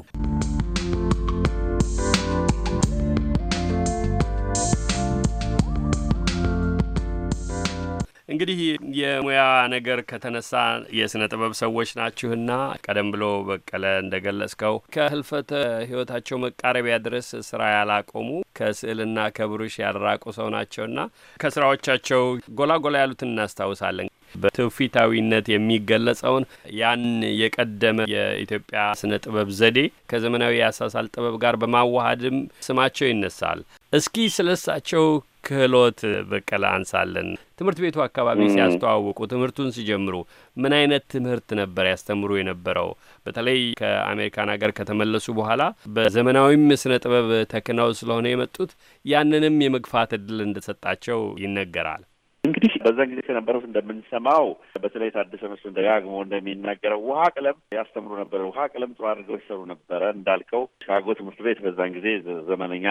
እንግዲህ የሙያ ነገር ከተነሳ የስነ ጥበብ ሰዎች ናችሁና ቀደም ብሎ በቀለ እንደገለጽከው ከህልፈተ ህይወታቸው መቃረቢያ ድረስ ስራ ያላቆሙ ከስዕልና ከብሩሽ ያልራቁ ሰው ናቸውና ከስራዎቻቸው ጎላ ጎላ ያሉትን እናስታውሳለን። በትውፊታዊነት የሚገለጸውን ያን የቀደመ የኢትዮጵያ ስነ ጥበብ ዘዴ ከዘመናዊ የአሳሳል ጥበብ ጋር በማዋሃድም ስማቸው ይነሳል። እስኪ ስለሳቸው ክህሎት በቀለ አንሳለን። ትምህርት ቤቱ አካባቢ ሲያስተዋውቁ ትምህርቱን ሲጀምሩ ምን አይነት ትምህርት ነበር ያስተምሩ የነበረው? በተለይ ከአሜሪካን ሀገር ከተመለሱ በኋላ በዘመናዊም ስነ ጥበብ ተክነው ስለሆነ የመጡት ያንንም የመግፋት እድል እንደሰጣቸው ይነገራል። እንግዲህ በዛን ጊዜ ከነበሩት እንደምንሰማው በተለይ ታደሰ መስሎ ደጋግሞ እንደሚናገረው ውሃ ቀለም ያስተምሩ ነበረ። ውሃ ቀለም ጥሩ አድርገው ይሰሩ ነበረ። እንዳልከው ሺካጎ ትምህርት ቤት በዛን ጊዜ ዘመነኛ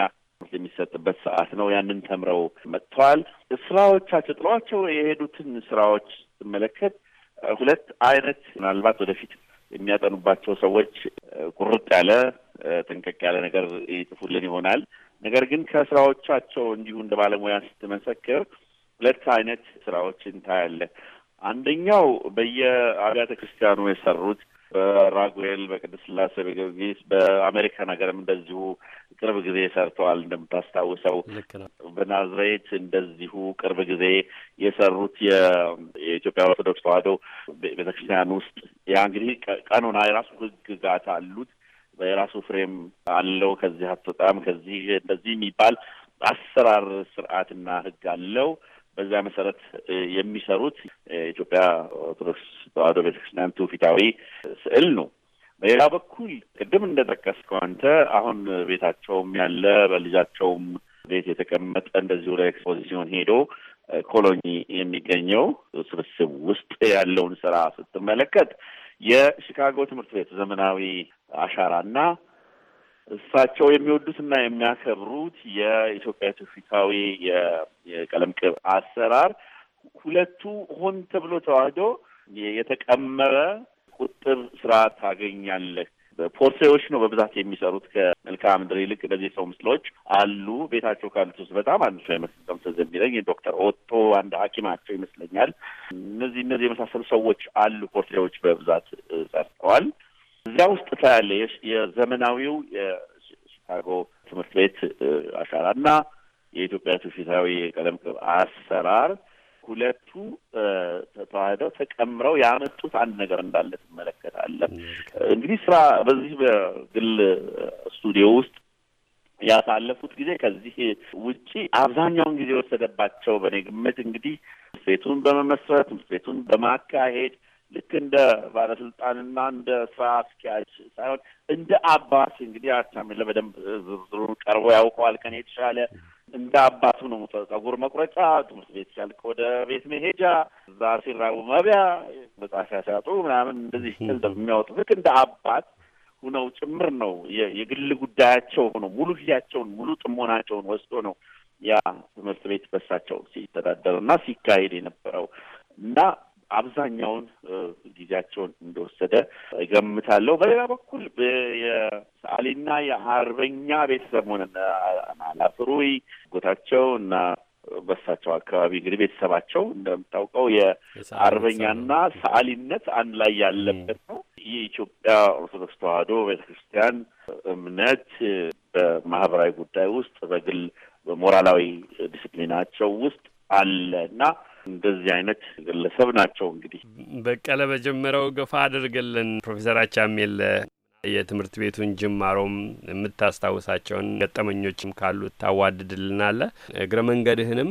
የሚሰጥበት ሰዓት ነው። ያንን ተምረው መጥተዋል። ስራዎቻቸው ጥሏቸው የሄዱትን ስራዎች ስመለከት ሁለት አይነት ምናልባት ወደፊት የሚያጠኑባቸው ሰዎች ቁርጥ ያለ ጥንቅቅ ያለ ነገር ይጽፉልን ይሆናል። ነገር ግን ከስራዎቻቸው እንዲሁ እንደ ባለሙያ ስትመሰክር ሁለት አይነት ስራዎች እንታያለን። አንደኛው በየአብያተ ክርስቲያኑ የሰሩት በራጉኤል በቅድስት ስላሴ በጊዮርጊስ በአሜሪካን ሀገርም እንደዚሁ ቅርብ ጊዜ ሰርተዋል። እንደምታስታውሰው በናዝሬት እንደዚሁ ቅርብ ጊዜ የሰሩት የኢትዮጵያ ኦርቶዶክስ ተዋህዶ ቤተክርስቲያን ውስጥ ያ እንግዲህ ቀኖና የራሱ ሕግጋት አሉት የራሱ ፍሬም አለው። ከዚህ አትወጣም ከዚህ እንደዚህ የሚባል አሰራር ስርዓትና ህግ አለው። በዛ መሰረት የሚሰሩት የኢትዮጵያ ኦርቶዶክስ ተዋህዶ ቤተክርስቲያን ትውፊታዊ ስዕል ነው። በሌላ በኩል ቅድም እንደጠቀስከው አንተ አሁን ቤታቸውም ያለ በልጃቸውም ቤት የተቀመጠ እንደዚሁ ለኤክስፖዚሲዮን ሄዶ ኮሎኒ የሚገኘው ስብስብ ውስጥ ያለውን ስራ ስትመለከት የሺካጎ ትምህርት ቤት ዘመናዊ አሻራና እሳቸው የሚወዱትና የሚያከብሩት የኢትዮጵያ ትውፊታዊ የቀለም ቅብ አሰራር ሁለቱ ሆን ተብሎ ተዋህዶ የተቀመረ ቁጥር ስራ ታገኛለህ። ፖርትሬዎች ነው በብዛት የሚሰሩት ከመልክዓ ምድር ይልቅ እነዚህ ሰው ምስሎች አሉ። ቤታቸው ካሉት ውስጥ በጣም አንድ ሰው አይመስልም ትዝ የሚለኝ ዶክተር ኦቶ አንድ ሐኪማቸው ይመስለኛል። እነዚህ እነዚህ የመሳሰሉ ሰዎች አሉ ፖርትሬዎች በብዛት ሰርተዋል። እዚያ ውስጥ ታያለ የዘመናዊው የሺካጎ ትምህርት ቤት አሻራና የኢትዮጵያ ትውፊታዊ የቀለም ቅብ አሰራር ሁለቱ ተዋህደው ተቀምረው ያመጡት አንድ ነገር እንዳለ ትመለከታለን። እንግዲህ ስራ በዚህ በግል ስቱዲዮ ውስጥ ያሳለፉት ጊዜ ከዚህ ውጪ አብዛኛውን ጊዜ የወሰደባቸው በእኔ ግምት እንግዲህ ቤቱን በመመስረት ትምህርት ቤቱን በማካሄድ ልክ እንደ ባለስልጣንና እንደ ስራ አስኪያጅ ሳይሆን እንደ አባት እንግዲህ አቻሚ ለበደንብ ዝርዝሩን ቀርቦ ያውቀዋል ከኔ የተሻለ እንደ አባቱ ነው። ጸጉር መቁረጫ፣ ትምህርት ቤት ሲያልቅ ወደ ቤት መሄጃ፣ እዛ ሲራቡ መብያ፣ መጻፊያ ሲያጡ ምናምን እንደዚህ ገንዘብ የሚያወጡ ልክ እንደ አባት ሁነው ጭምር ነው የግል ጉዳያቸው ሆኖ ሙሉ ጊዜያቸውን ሙሉ ጥሞናቸውን ወስዶ ነው ያ ትምህርት ቤት በሳቸው ሲተዳደር እና ሲካሄድ የነበረው እና አብዛኛውን ጊዜያቸውን እንደወሰደ እገምታለሁ። በሌላ በኩል የሰዓሊና የአርበኛ ቤተሰብ ሆነ አላፍሩይ ጎታቸው እና በሳቸው አካባቢ እንግዲህ ቤተሰባቸው እንደምታውቀው የአርበኛና ሰዓሊነት አንድ ላይ ያለበት ነው። የኢትዮጵያ ኦርቶዶክስ ተዋሕዶ ቤተክርስቲያን እምነት በማህበራዊ ጉዳይ ውስጥ በግል በሞራላዊ ዲስፕሊናቸው ውስጥ አለ እና እንደዚህ አይነት ግለሰብ ናቸው። እንግዲህ በቀለ በጀመረው ገፋ አድርግልን ፕሮፌሰር አቻሜል የትምህርት ቤቱን ጅማሮም የምታስታውሳቸውን ገጠመኞችም ካሉ ታዋድድልናለ። እግረ መንገድህንም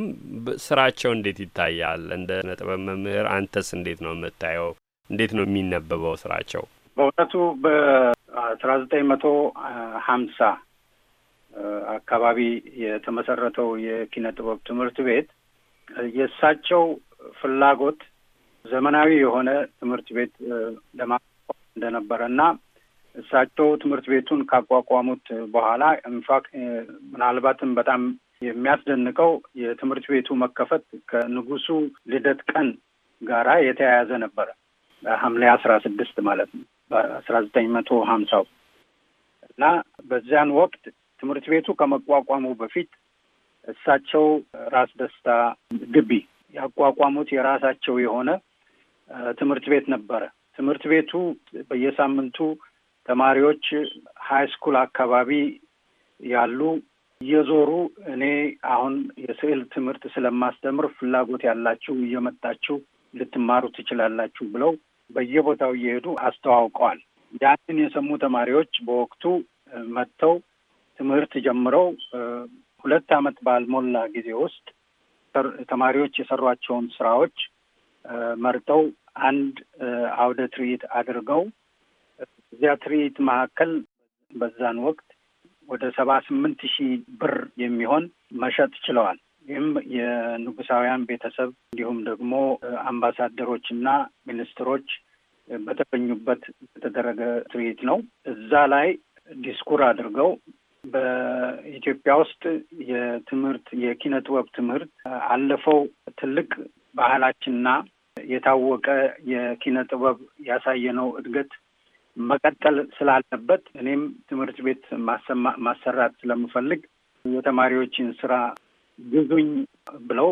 ስራቸው እንዴት ይታያል? እንደ ነጥበብ መምህር አንተስ እንዴት ነው የምታየው? እንዴት ነው የሚነበበው ስራቸው? በእውነቱ በአስራ ዘጠኝ መቶ ሀምሳ አካባቢ የተመሰረተው የኪነ ጥበብ ትምህርት ቤት የእሳቸው ፍላጎት ዘመናዊ የሆነ ትምህርት ቤት ለማቋቋም እንደነበረ እና እሳቸው ትምህርት ቤቱን ካቋቋሙት በኋላ ኢንፋክት ምናልባትም በጣም የሚያስደንቀው የትምህርት ቤቱ መከፈት ከንጉሱ ልደት ቀን ጋራ የተያያዘ ነበረ። ሐምሌ አስራ ስድስት ማለት ነው በአስራ ዘጠኝ መቶ ሀምሳው እና በዚያን ወቅት ትምህርት ቤቱ ከመቋቋሙ በፊት እሳቸው ራስ ደስታ ግቢ ያቋቋሙት የራሳቸው የሆነ ትምህርት ቤት ነበረ። ትምህርት ቤቱ በየሳምንቱ ተማሪዎች ሀይ ስኩል አካባቢ ያሉ እየዞሩ እኔ አሁን የስዕል ትምህርት ስለማስተምር ፍላጎት ያላችሁ እየመጣችሁ ልትማሩ ትችላላችሁ ብለው በየቦታው እየሄዱ አስተዋውቀዋል። ያንን የሰሙ ተማሪዎች በወቅቱ መጥተው ትምህርት ጀምረው ሁለት ዓመት ባልሞላ ጊዜ ውስጥ ተማሪዎች የሰሯቸውን ስራዎች መርጠው አንድ አውደ ትርኢት አድርገው እዚያ ትርኢት መካከል በዛን ወቅት ወደ ሰባ ስምንት ሺህ ብር የሚሆን መሸጥ ችለዋል። ይህም የንጉሳውያን ቤተሰብ እንዲሁም ደግሞ አምባሳደሮች እና ሚኒስትሮች በተገኙበት የተደረገ ትርኢት ነው። እዛ ላይ ዲስኩር አድርገው በኢትዮጵያ ውስጥ የትምህርት የኪነ ጥበብ ትምህርት አለፈው ትልቅ ባህላችንና የታወቀ የኪነ ጥበብ ያሳየነው እድገት መቀጠል ስላለበት እኔም ትምህርት ቤት ማሰማ ማሰራት ስለምፈልግ የተማሪዎችን ስራ ግዙኝ ብለው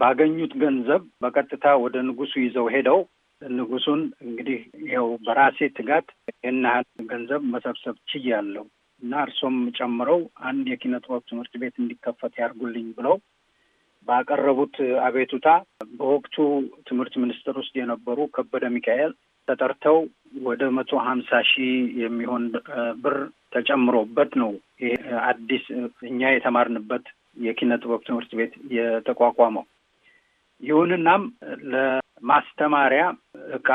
ባገኙት ገንዘብ በቀጥታ ወደ ንጉሱ ይዘው ሄደው ንጉሱን እንግዲህ ይኸው በራሴ ትጋት ይህን ያህል ገንዘብ መሰብሰብ ችያለሁ እና እርሶም ጨምረው አንድ የኪነ ጥበብ ትምህርት ቤት እንዲከፈት ያርጉልኝ ብለው ባቀረቡት አቤቱታ በወቅቱ ትምህርት ሚኒስቴር ውስጥ የነበሩ ከበደ ሚካኤል ተጠርተው ወደ መቶ ሀምሳ ሺህ የሚሆን ብር ተጨምሮበት ነው ይሄ አዲስ እኛ የተማርንበት የኪነ ጥበብ ትምህርት ቤት የተቋቋመው። ይሁንናም ለማስተማሪያ እቃ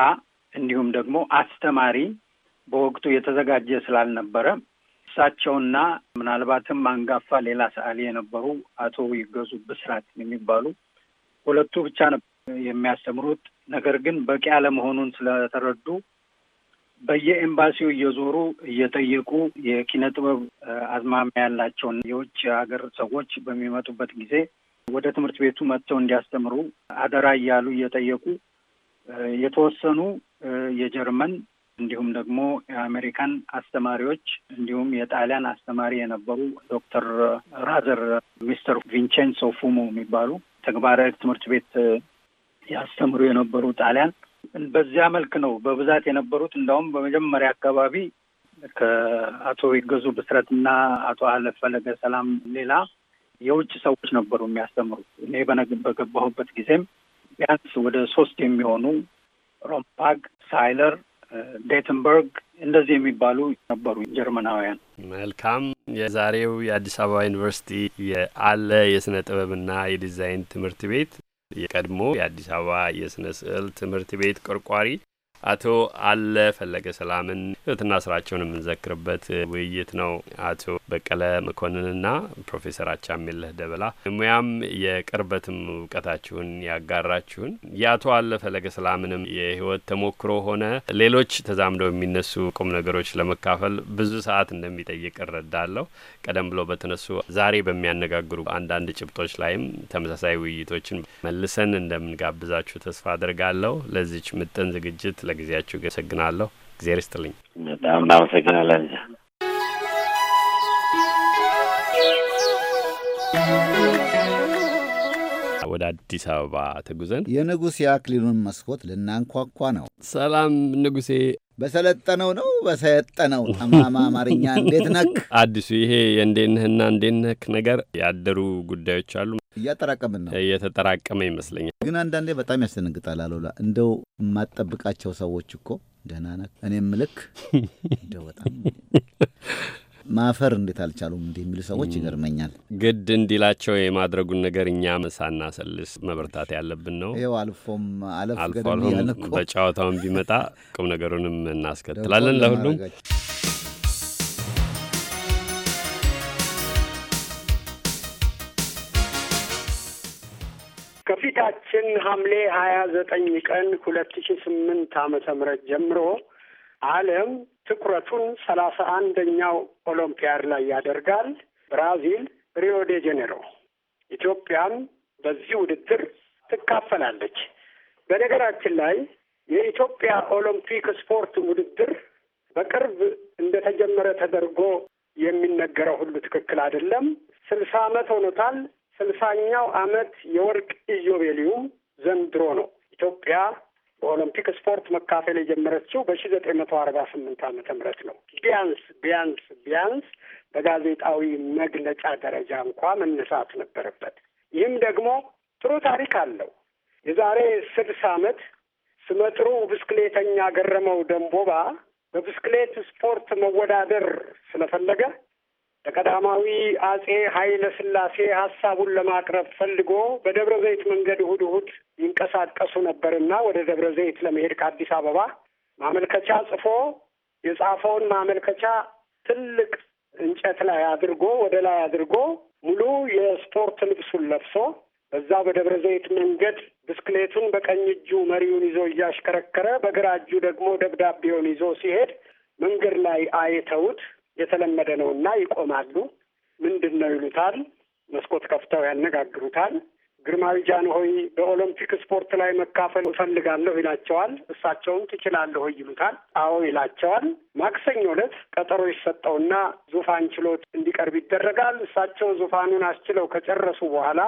እንዲሁም ደግሞ አስተማሪ በወቅቱ የተዘጋጀ ስላልነበረ እሳቸውና ምናልባትም አንጋፋ ሌላ ሰዓሊ የነበሩ አቶ ይገዙ ብስራት የሚባሉ ሁለቱ ብቻ ነው የሚያስተምሩት። ነገር ግን በቂ አለመሆኑን ስለተረዱ በየኤምባሲው እየዞሩ እየጠየቁ የኪነ ጥበብ አዝማሚያ ያላቸውን የውጭ ሀገር ሰዎች በሚመጡበት ጊዜ ወደ ትምህርት ቤቱ መጥተው እንዲያስተምሩ አደራ እያሉ እየጠየቁ የተወሰኑ የጀርመን እንዲሁም ደግሞ የአሜሪካን አስተማሪዎች እንዲሁም የጣሊያን አስተማሪ የነበሩ ዶክተር ራዘር ሚስተር ቪንቼንሶ ፉሞ የሚባሉ ተግባራዊ ትምህርት ቤት ያስተምሩ የነበሩ ጣሊያን በዚያ መልክ ነው በብዛት የነበሩት። እንዳውም በመጀመሪያ አካባቢ ከአቶ ይገዙ ብስረትና አቶ አለፈለገ ሰላም ሌላ የውጭ ሰዎች ነበሩ የሚያስተምሩት። እኔ በገባሁበት ጊዜም ቢያንስ ወደ ሶስት የሚሆኑ ሮምፓግ ሳይለር ዴትንበርግ እንደዚህ የሚባሉ ነበሩ ጀርመናውያን። መልካም። የዛሬው የአዲስ አበባ ዩኒቨርሲቲ የአለ የስነ ጥበብና የዲዛይን ትምህርት ቤት የቀድሞ የአዲስ አበባ የስነ ስዕል ትምህርት ቤት ቆርቋሪ አቶ አለ ፈለገ ሰላምን ህይወትና ስራቸውን የምንዘክርበት ውይይት ነው። አቶ በቀለ መኮንንና ፕሮፌሰር አቻሜለህ ደበላ ሙያም የቅርበትም እውቀታችሁን ያጋራችሁን የአቶ አለ ፈለገ ሰላምንም የህይወት ተሞክሮ ሆነ ሌሎች ተዛምደው የሚነሱ ቁም ነገሮች ለመካፈል ብዙ ሰዓት እንደሚጠይቅ እረዳለሁ። ቀደም ብሎ በተነሱ ዛሬ በሚያነጋግሩ አንዳንድ ጭብጦች ላይም ተመሳሳይ ውይይቶችን መልሰን እንደምንጋብዛችሁ ተስፋ አድርጋለሁ። ለዚች ምጥን ዝግጅት ስለ ጊዜያችሁ አመሰግናለሁ። እግዜር ይስጥልኝ። በጣም እናመሰግናለን። ወደ አዲስ አበባ ተጉዘን የንጉሴ አክሊሉን መስኮት ልናንኳኳ ነው። ሰላም ንጉሴ፣ በሰለጠነው ነው በሰየጠነው ጠማማ አማርኛ እንዴት ነክ አዲሱ ይሄ የእንዴንህና ነህና ነክ ነገር ያደሩ ጉዳዮች አሉ። እያጠራቀምን ነው እየተጠራቀመ ይመስለኛል። ግን አንዳንዴ በጣም ያስደነግጣል። አሉላ እንደው የማጠብቃቸው ሰዎች እኮ ደህና ነክ እኔም ልክ እንደው በጣም ማፈር እንዴት አልቻሉም እንዲህ የሚሉ ሰዎች ይገርመኛል። ግድ እንዲላቸው የማድረጉን ነገር እኛ መሳና ሰልስ መበርታት ያለብን ነው። ይኸው አልፎም አለፍ በጨዋታውን ቢመጣ ቁም ነገሩንም እናስከትላለን ለሁሉም ከፊታችን ሐምሌ ሀያ ዘጠኝ ቀን ሁለት ሺ ስምንት ዓመተ ምህረት ጀምሮ ዓለም ትኩረቱን ሰላሳ አንደኛው ኦሎምፒያድ ላይ ያደርጋል። ብራዚል ሪዮ ዴ ጄኔሮ። ኢትዮጵያም በዚህ ውድድር ትካፈላለች። በነገራችን ላይ የኢትዮጵያ ኦሎምፒክ ስፖርት ውድድር በቅርብ እንደተጀመረ ተደርጎ የሚነገረው ሁሉ ትክክል አይደለም። ስልሳ ዓመት ሆኖታል። ስልሳኛው ዓመት የወርቅ ኢዮቤልዩ ዘንድሮ ነው። ኢትዮጵያ በኦሎምፒክ ስፖርት መካፈል የጀመረችው በሺ ዘጠኝ መቶ አርባ ስምንት አመተ ምህረት ነው። ቢያንስ ቢያንስ ቢያንስ በጋዜጣዊ መግለጫ ደረጃ እንኳ መነሳት ነበረበት። ይህም ደግሞ ጥሩ ታሪክ አለው። የዛሬ ስድስት ዓመት ስመጥሩ ብስክሌተኛ ገረመው ደንቦባ በብስክሌት ስፖርት መወዳደር ስለፈለገ ለቀዳማዊ አጼ ኃይለ ሥላሴ ሀሳቡን ለማቅረብ ፈልጎ በደብረ ዘይት መንገድ እሁድ እሁድ ይንቀሳቀሱ ነበርና ወደ ደብረ ዘይት ለመሄድ ከአዲስ አበባ ማመልከቻ ጽፎ የጻፈውን ማመልከቻ ትልቅ እንጨት ላይ አድርጎ ወደ ላይ አድርጎ ሙሉ የስፖርት ልብሱን ለብሶ በዛው በደብረ ዘይት መንገድ ብስክሌቱን በቀኝ እጁ መሪውን ይዞ እያሽከረከረ በግራ እጁ ደግሞ ደብዳቤውን ይዞ ሲሄድ መንገድ ላይ አይተውት የተለመደ ነው እና ይቆማሉ። ምንድን ነው ይሉታል። መስኮት ከፍተው ያነጋግሩታል። ግርማዊ ጃንሆይ በኦሎምፒክ ስፖርት ላይ መካፈል እፈልጋለሁ ይላቸዋል። እሳቸውም ትችላለህ ይሉታል። አዎ ይላቸዋል። ማክሰኞ ዕለት ቀጠሮ ይሰጠውና ዙፋን ችሎት እንዲቀርብ ይደረጋል። እሳቸው ዙፋኑን አስችለው ከጨረሱ በኋላ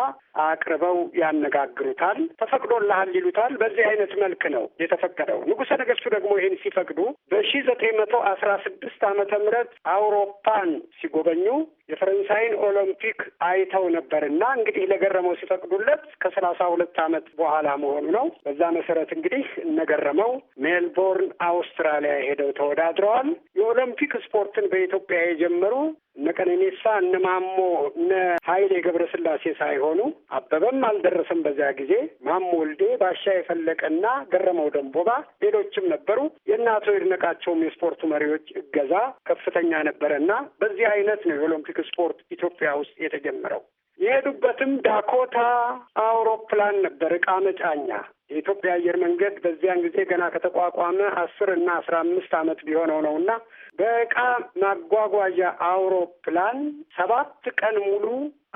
አቅርበው ያነጋግሩታል። ተፈቅዶልሃል ይሉታል። በዚህ አይነት መልክ ነው የተፈቀደው። ንጉሠ ነገሥቱ ደግሞ ይህን ሲፈቅዱ በሺ ዘጠኝ መቶ አስራ ስድስት ዓመተ ምህረት አውሮፓን ሲጎበኙ የፈረንሳይን ኦሎምፒክ አይተው ነበር እና እንግዲህ ለገረመው ሲፈቅዱለት ከሰላሳ ሁለት ዓመት በኋላ መሆኑ ነው። በዛ መሰረት እንግዲህ እነገረመው ሜልቦርን አውስትራሊያ ሄደው ተወዳድረዋል። ተሳትፈዋል። የኦሎምፒክ ስፖርትን በኢትዮጵያ የጀመሩ እነ እነማሞ እነ ማሞ እነ ኃይሌ ገብረስላሴ ሳይሆኑ አበበም አልደረሰም። በዚያ ጊዜ ማሞ ወልዴ፣ ባሻ የፈለቀና ገረመው ደንቦባ ሌሎችም ነበሩ። የእነ አቶ ይድነቃቸውም የስፖርቱ መሪዎች እገዛ ከፍተኛ ነበረና በዚህ አይነት ነው የኦሎምፒክ ስፖርት ኢትዮጵያ ውስጥ የተጀመረው። የሄዱበትም ዳኮታ አውሮፕላን ነበር፣ እቃ መጫኛ። የኢትዮጵያ አየር መንገድ በዚያን ጊዜ ገና ከተቋቋመ አስር እና አስራ አምስት አመት ቢሆነው ነው እና በእቃ ማጓጓዣ አውሮፕላን ሰባት ቀን ሙሉ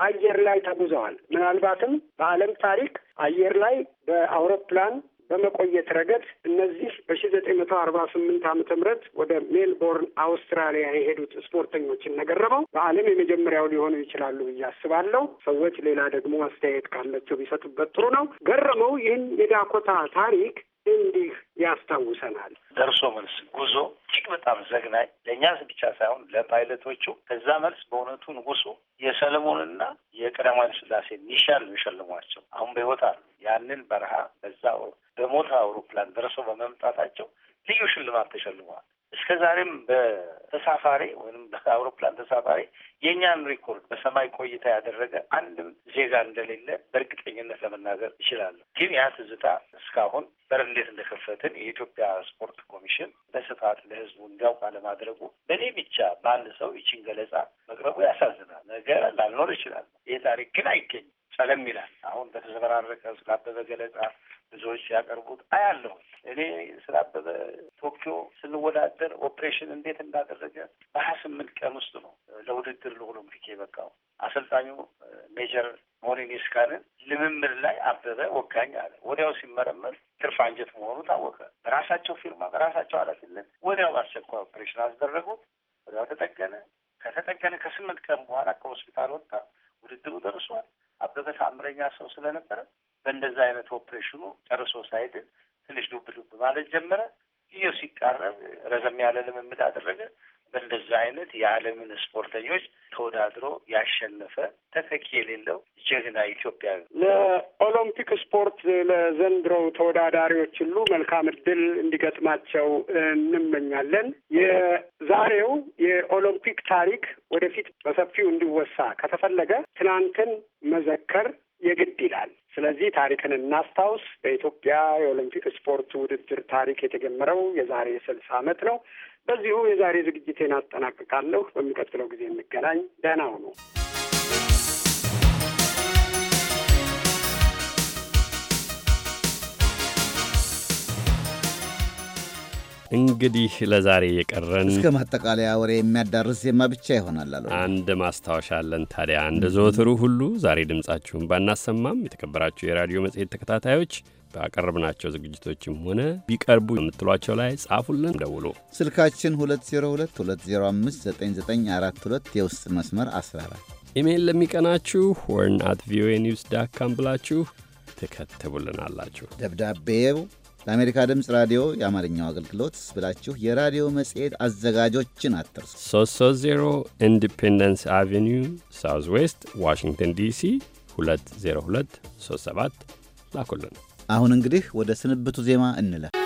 አየር ላይ ተጉዘዋል። ምናልባትም በዓለም ታሪክ አየር ላይ በአውሮፕላን በመቆየት ረገድ እነዚህ በሺ ዘጠኝ መቶ አርባ ስምንት ዓመተ ምህረት ወደ ሜልቦርን አውስትራሊያ የሄዱት ስፖርተኞች ነገረበው በዓለም የመጀመሪያው ሊሆኑ ይችላሉ ብዬ አስባለሁ። ሰዎች ሌላ ደግሞ አስተያየት ካላቸው ቢሰጡበት ጥሩ ነው። ገረመው ይህን የዳኮታ ታሪክ እንዲህ ያስታውሰናል። ደርሶ መልስ ጉዞ እጅግ በጣም ዘግናኝ ለእኛ ብቻ ሳይሆን ለፓይለቶቹ። ከዛ መልስ በእውነቱ ንጉሱ የሰለሞንና የቀዳማዊ ስላሴ ሚሻል ነው የሸልሟቸው። አሁን በሕይወት አሉ። ያንን በረሃ በዛ በሞት አውሮፕላን ደርሶ በመምጣታቸው ልዩ ሽልማት ተሸልመዋል። እስከ ዛሬም በተሳፋሪ ወይም በአውሮፕላን ተሳፋሪ የእኛን ሪኮርድ በሰማይ ቆይታ ያደረገ አንድም ዜጋ እንደሌለ በእርግጠኝነት ለመናገር እችላለሁ። ግን ያ ትዝታ እስካሁን በር እንዴት እንደከፈትን የኢትዮጵያ ስፖርት ኮሚሽን በስፋት ለሕዝቡ እንዲያውቅ አለማድረጉ በእኔ ብቻ በአንድ ሰው ይችን ገለጻ መቅረቡ ያሳዝናል። ነገር ላልኖር ይችላል። ይህ ታሪክ ግን አይገኝም። ጸለም ይላል። አሁን በተዘበራረቀ ስላበበ ገለጻ ብዙዎች ሲያቀርቡት አያለሁ። እኔ ስላበበ ቶኪዮ ስንወዳደር ኦፕሬሽን እንዴት እንዳደረገ በሀያ ስምንት ቀን ውስጥ ነው ለውድድር ለኦሎምፒክ የበቃው። አሰልጣኙ ሜጀር ሞሪኒስካንን ልምምድ ላይ አበበ ወጋኝ አለ። ወዲያው ሲመረመር ትርፍ አንጀት መሆኑ ታወቀ። በራሳቸው ፊርማ በራሳቸው ኃላፊነት ወዲያው በአስቸኳይ ኦፕሬሽን አስደረጉት። ወዲያው ተጠገነ። ከተጠገነ ከስምንት ቀን በኋላ ከሆስፒታል ወጣ። ውድድሩ ደርሷል። አበበ ተአምረኛ ሰው ስለነበረ በእንደዛ አይነት ኦፕሬሽኑ ጨርሶ ሳይድን ትንሽ ዱብ ዱብ ማለት ጀመረ። ይህ ሲቃረብ ረዘም ያለ ልምምድ አደረገ። በእንደዛ አይነት የዓለምን ስፖርተኞች ተወዳድሮ ያሸነፈ ተተኪ የሌለው ጀግና ኢትዮጵያዊ። ለኦሎምፒክ ስፖርት ለዘንድሮው ተወዳዳሪዎች ሁሉ መልካም እድል እንዲገጥማቸው እንመኛለን። የዛሬው የኦሎምፒክ ታሪክ ወደፊት በሰፊው እንዲወሳ ከተፈለገ ትናንትን መዘከር የግድ ይላል። ስለዚህ ታሪክን እናስታውስ። በኢትዮጵያ የኦሎምፒክ ስፖርት ውድድር ታሪክ የተጀመረው የዛሬ ስልሳ ዓመት ነው። በዚሁ የዛሬ ዝግጅቴን አጠናቅቃለሁ። በሚቀጥለው ጊዜ እንገናኝ። ደህና ሁኑ። እንግዲህ ለዛሬ የቀረን እስከ ማጠቃለያ ወሬ የሚያዳርስ ዜማ ብቻ ይሆናል አሉ። አንድ ማስታወሻ አለን ታዲያ። እንደ ዘወትሩ ሁሉ ዛሬ ድምጻችሁን ባናሰማም የተከበራችሁ የራዲዮ መጽሔት ተከታታዮች ባቀረብናቸው ዝግጅቶችም ሆነ ቢቀርቡ የምትሏቸው ላይ ጻፉልን፣ ደውሉ። ስልካችን 2022059942 የውስጥ መስመር 14። ኢሜይል ለሚቀናችሁ ሆርን አት ቪኦኤ ኒውስ ዳት ካም ብላችሁ ትከትቡልናላችሁ። ደብዳቤው ለአሜሪካ ድምፅ ራዲዮ የአማርኛው አገልግሎት ብላችሁ የራዲዮ መጽሔት አዘጋጆችን አትርሱ። 330 ኢንዲፔንደንስ አቬኒው ሳውዝ ዌስት ዋሽንግተን ዲሲ 20237 ላኩልን። አሁን እንግዲህ ወደ ስንብቱ ዜማ እንለፍ።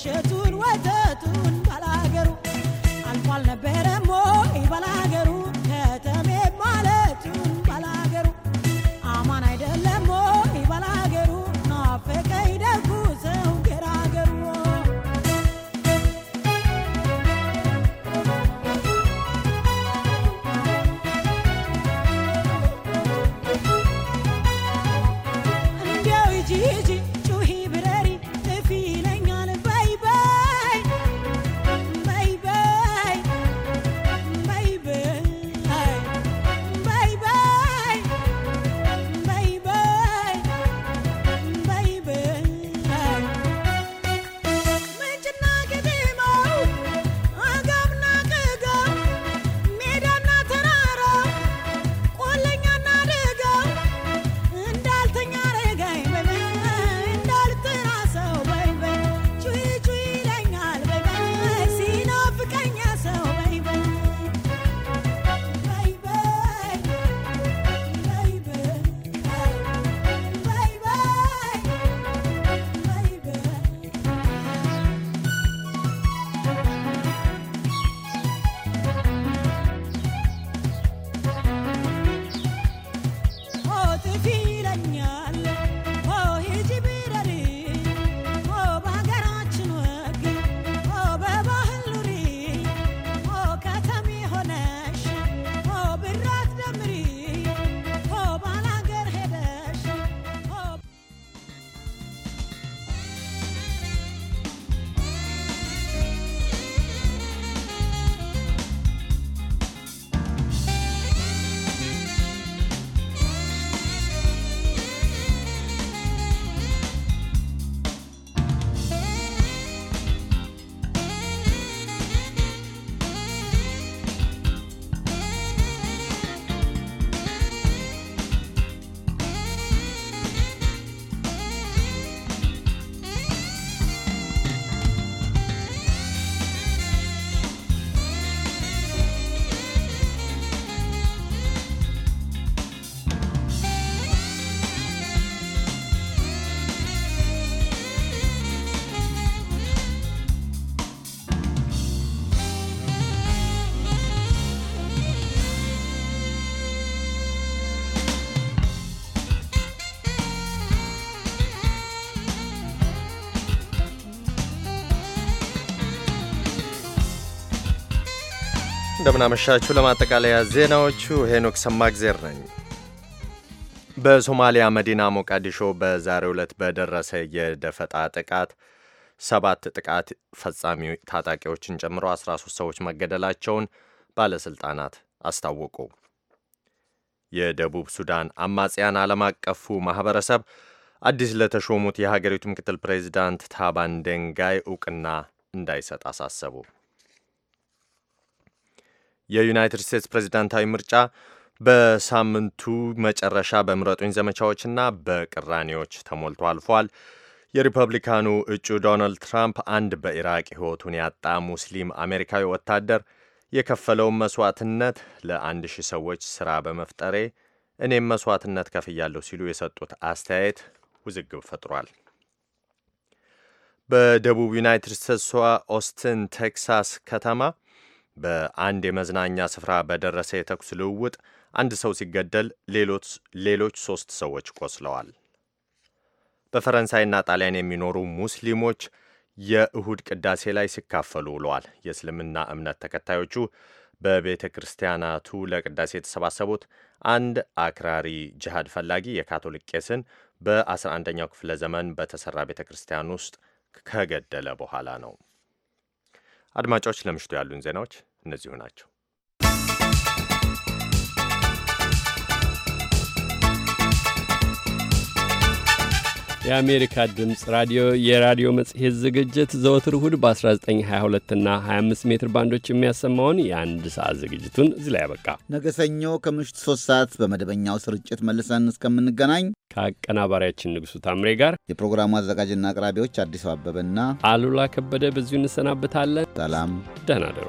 عشاتو እንደምናመሻችሁ። ለማጠቃለያ ዜናዎቹ ሄኖክ ሰማግዜር ነኝ። በሶማሊያ መዲና ሞቃዲሾ በዛሬው ዕለት በደረሰ የደፈጣ ጥቃት ሰባት ጥቃት ፈጻሚ ታጣቂዎችን ጨምሮ 13 ሰዎች መገደላቸውን ባለሥልጣናት አስታወቁ። የደቡብ ሱዳን አማጽያን ዓለም አቀፉ ማኅበረሰብ አዲስ ለተሾሙት የሀገሪቱ ምክትል ፕሬዚዳንት ታባን ደንጋይ ዕውቅና እንዳይሰጥ አሳሰቡ። የዩናይትድ ስቴትስ ፕሬዚዳንታዊ ምርጫ በሳምንቱ መጨረሻ በምረጡኝ ዘመቻዎችና በቅራኔዎች ተሞልቶ አልፏል። የሪፐብሊካኑ እጩ ዶናልድ ትራምፕ አንድ በኢራቅ ሕይወቱን ያጣ ሙስሊም አሜሪካዊ ወታደር የከፈለውን መስዋዕትነት ለአንድ ሺህ ሰዎች ሥራ በመፍጠሬ እኔም መስዋዕትነት ከፍያለሁ ሲሉ የሰጡት አስተያየት ውዝግብ ፈጥሯል። በደቡብ ዩናይትድ ስቴትሷ ኦስትን ቴክሳስ ከተማ በአንድ የመዝናኛ ስፍራ በደረሰ የተኩስ ልውውጥ አንድ ሰው ሲገደል ሌሎች ሶስት ሰዎች ቆስለዋል። በፈረንሳይና ጣሊያን የሚኖሩ ሙስሊሞች የእሁድ ቅዳሴ ላይ ሲካፈሉ ውለዋል። የእስልምና እምነት ተከታዮቹ በቤተ ክርስቲያናቱ ለቅዳሴ የተሰባሰቡት አንድ አክራሪ ጅሃድ ፈላጊ የካቶሊክ ቄስን በ11ኛው ክፍለ ዘመን በተሰራ ቤተ ክርስቲያን ውስጥ ከገደለ በኋላ ነው። አድማጮች፣ ለምሽቱ ያሉን ዜናዎች እነዚሁ ናቸው። የአሜሪካ ድምፅ ራዲዮ የራዲዮ መጽሔት ዝግጅት ዘወትር እሁድ በ1922 እና 25 ሜትር ባንዶች የሚያሰማውን የአንድ ሰዓት ዝግጅቱን እዚህ ላይ ያበቃ። ነገ ሰኞ ከምሽቱ 3 ሰዓት በመደበኛው ስርጭት መልሰን እስከምንገናኝ ከአቀናባሪያችን ንጉሡ ታምሬ ጋር የፕሮግራሙ አዘጋጅና አቅራቢዎች አዲስ አበበና አሉላ ከበደ በዚሁ እንሰናብታለን። ሰላም፣ ደህና ደሩ።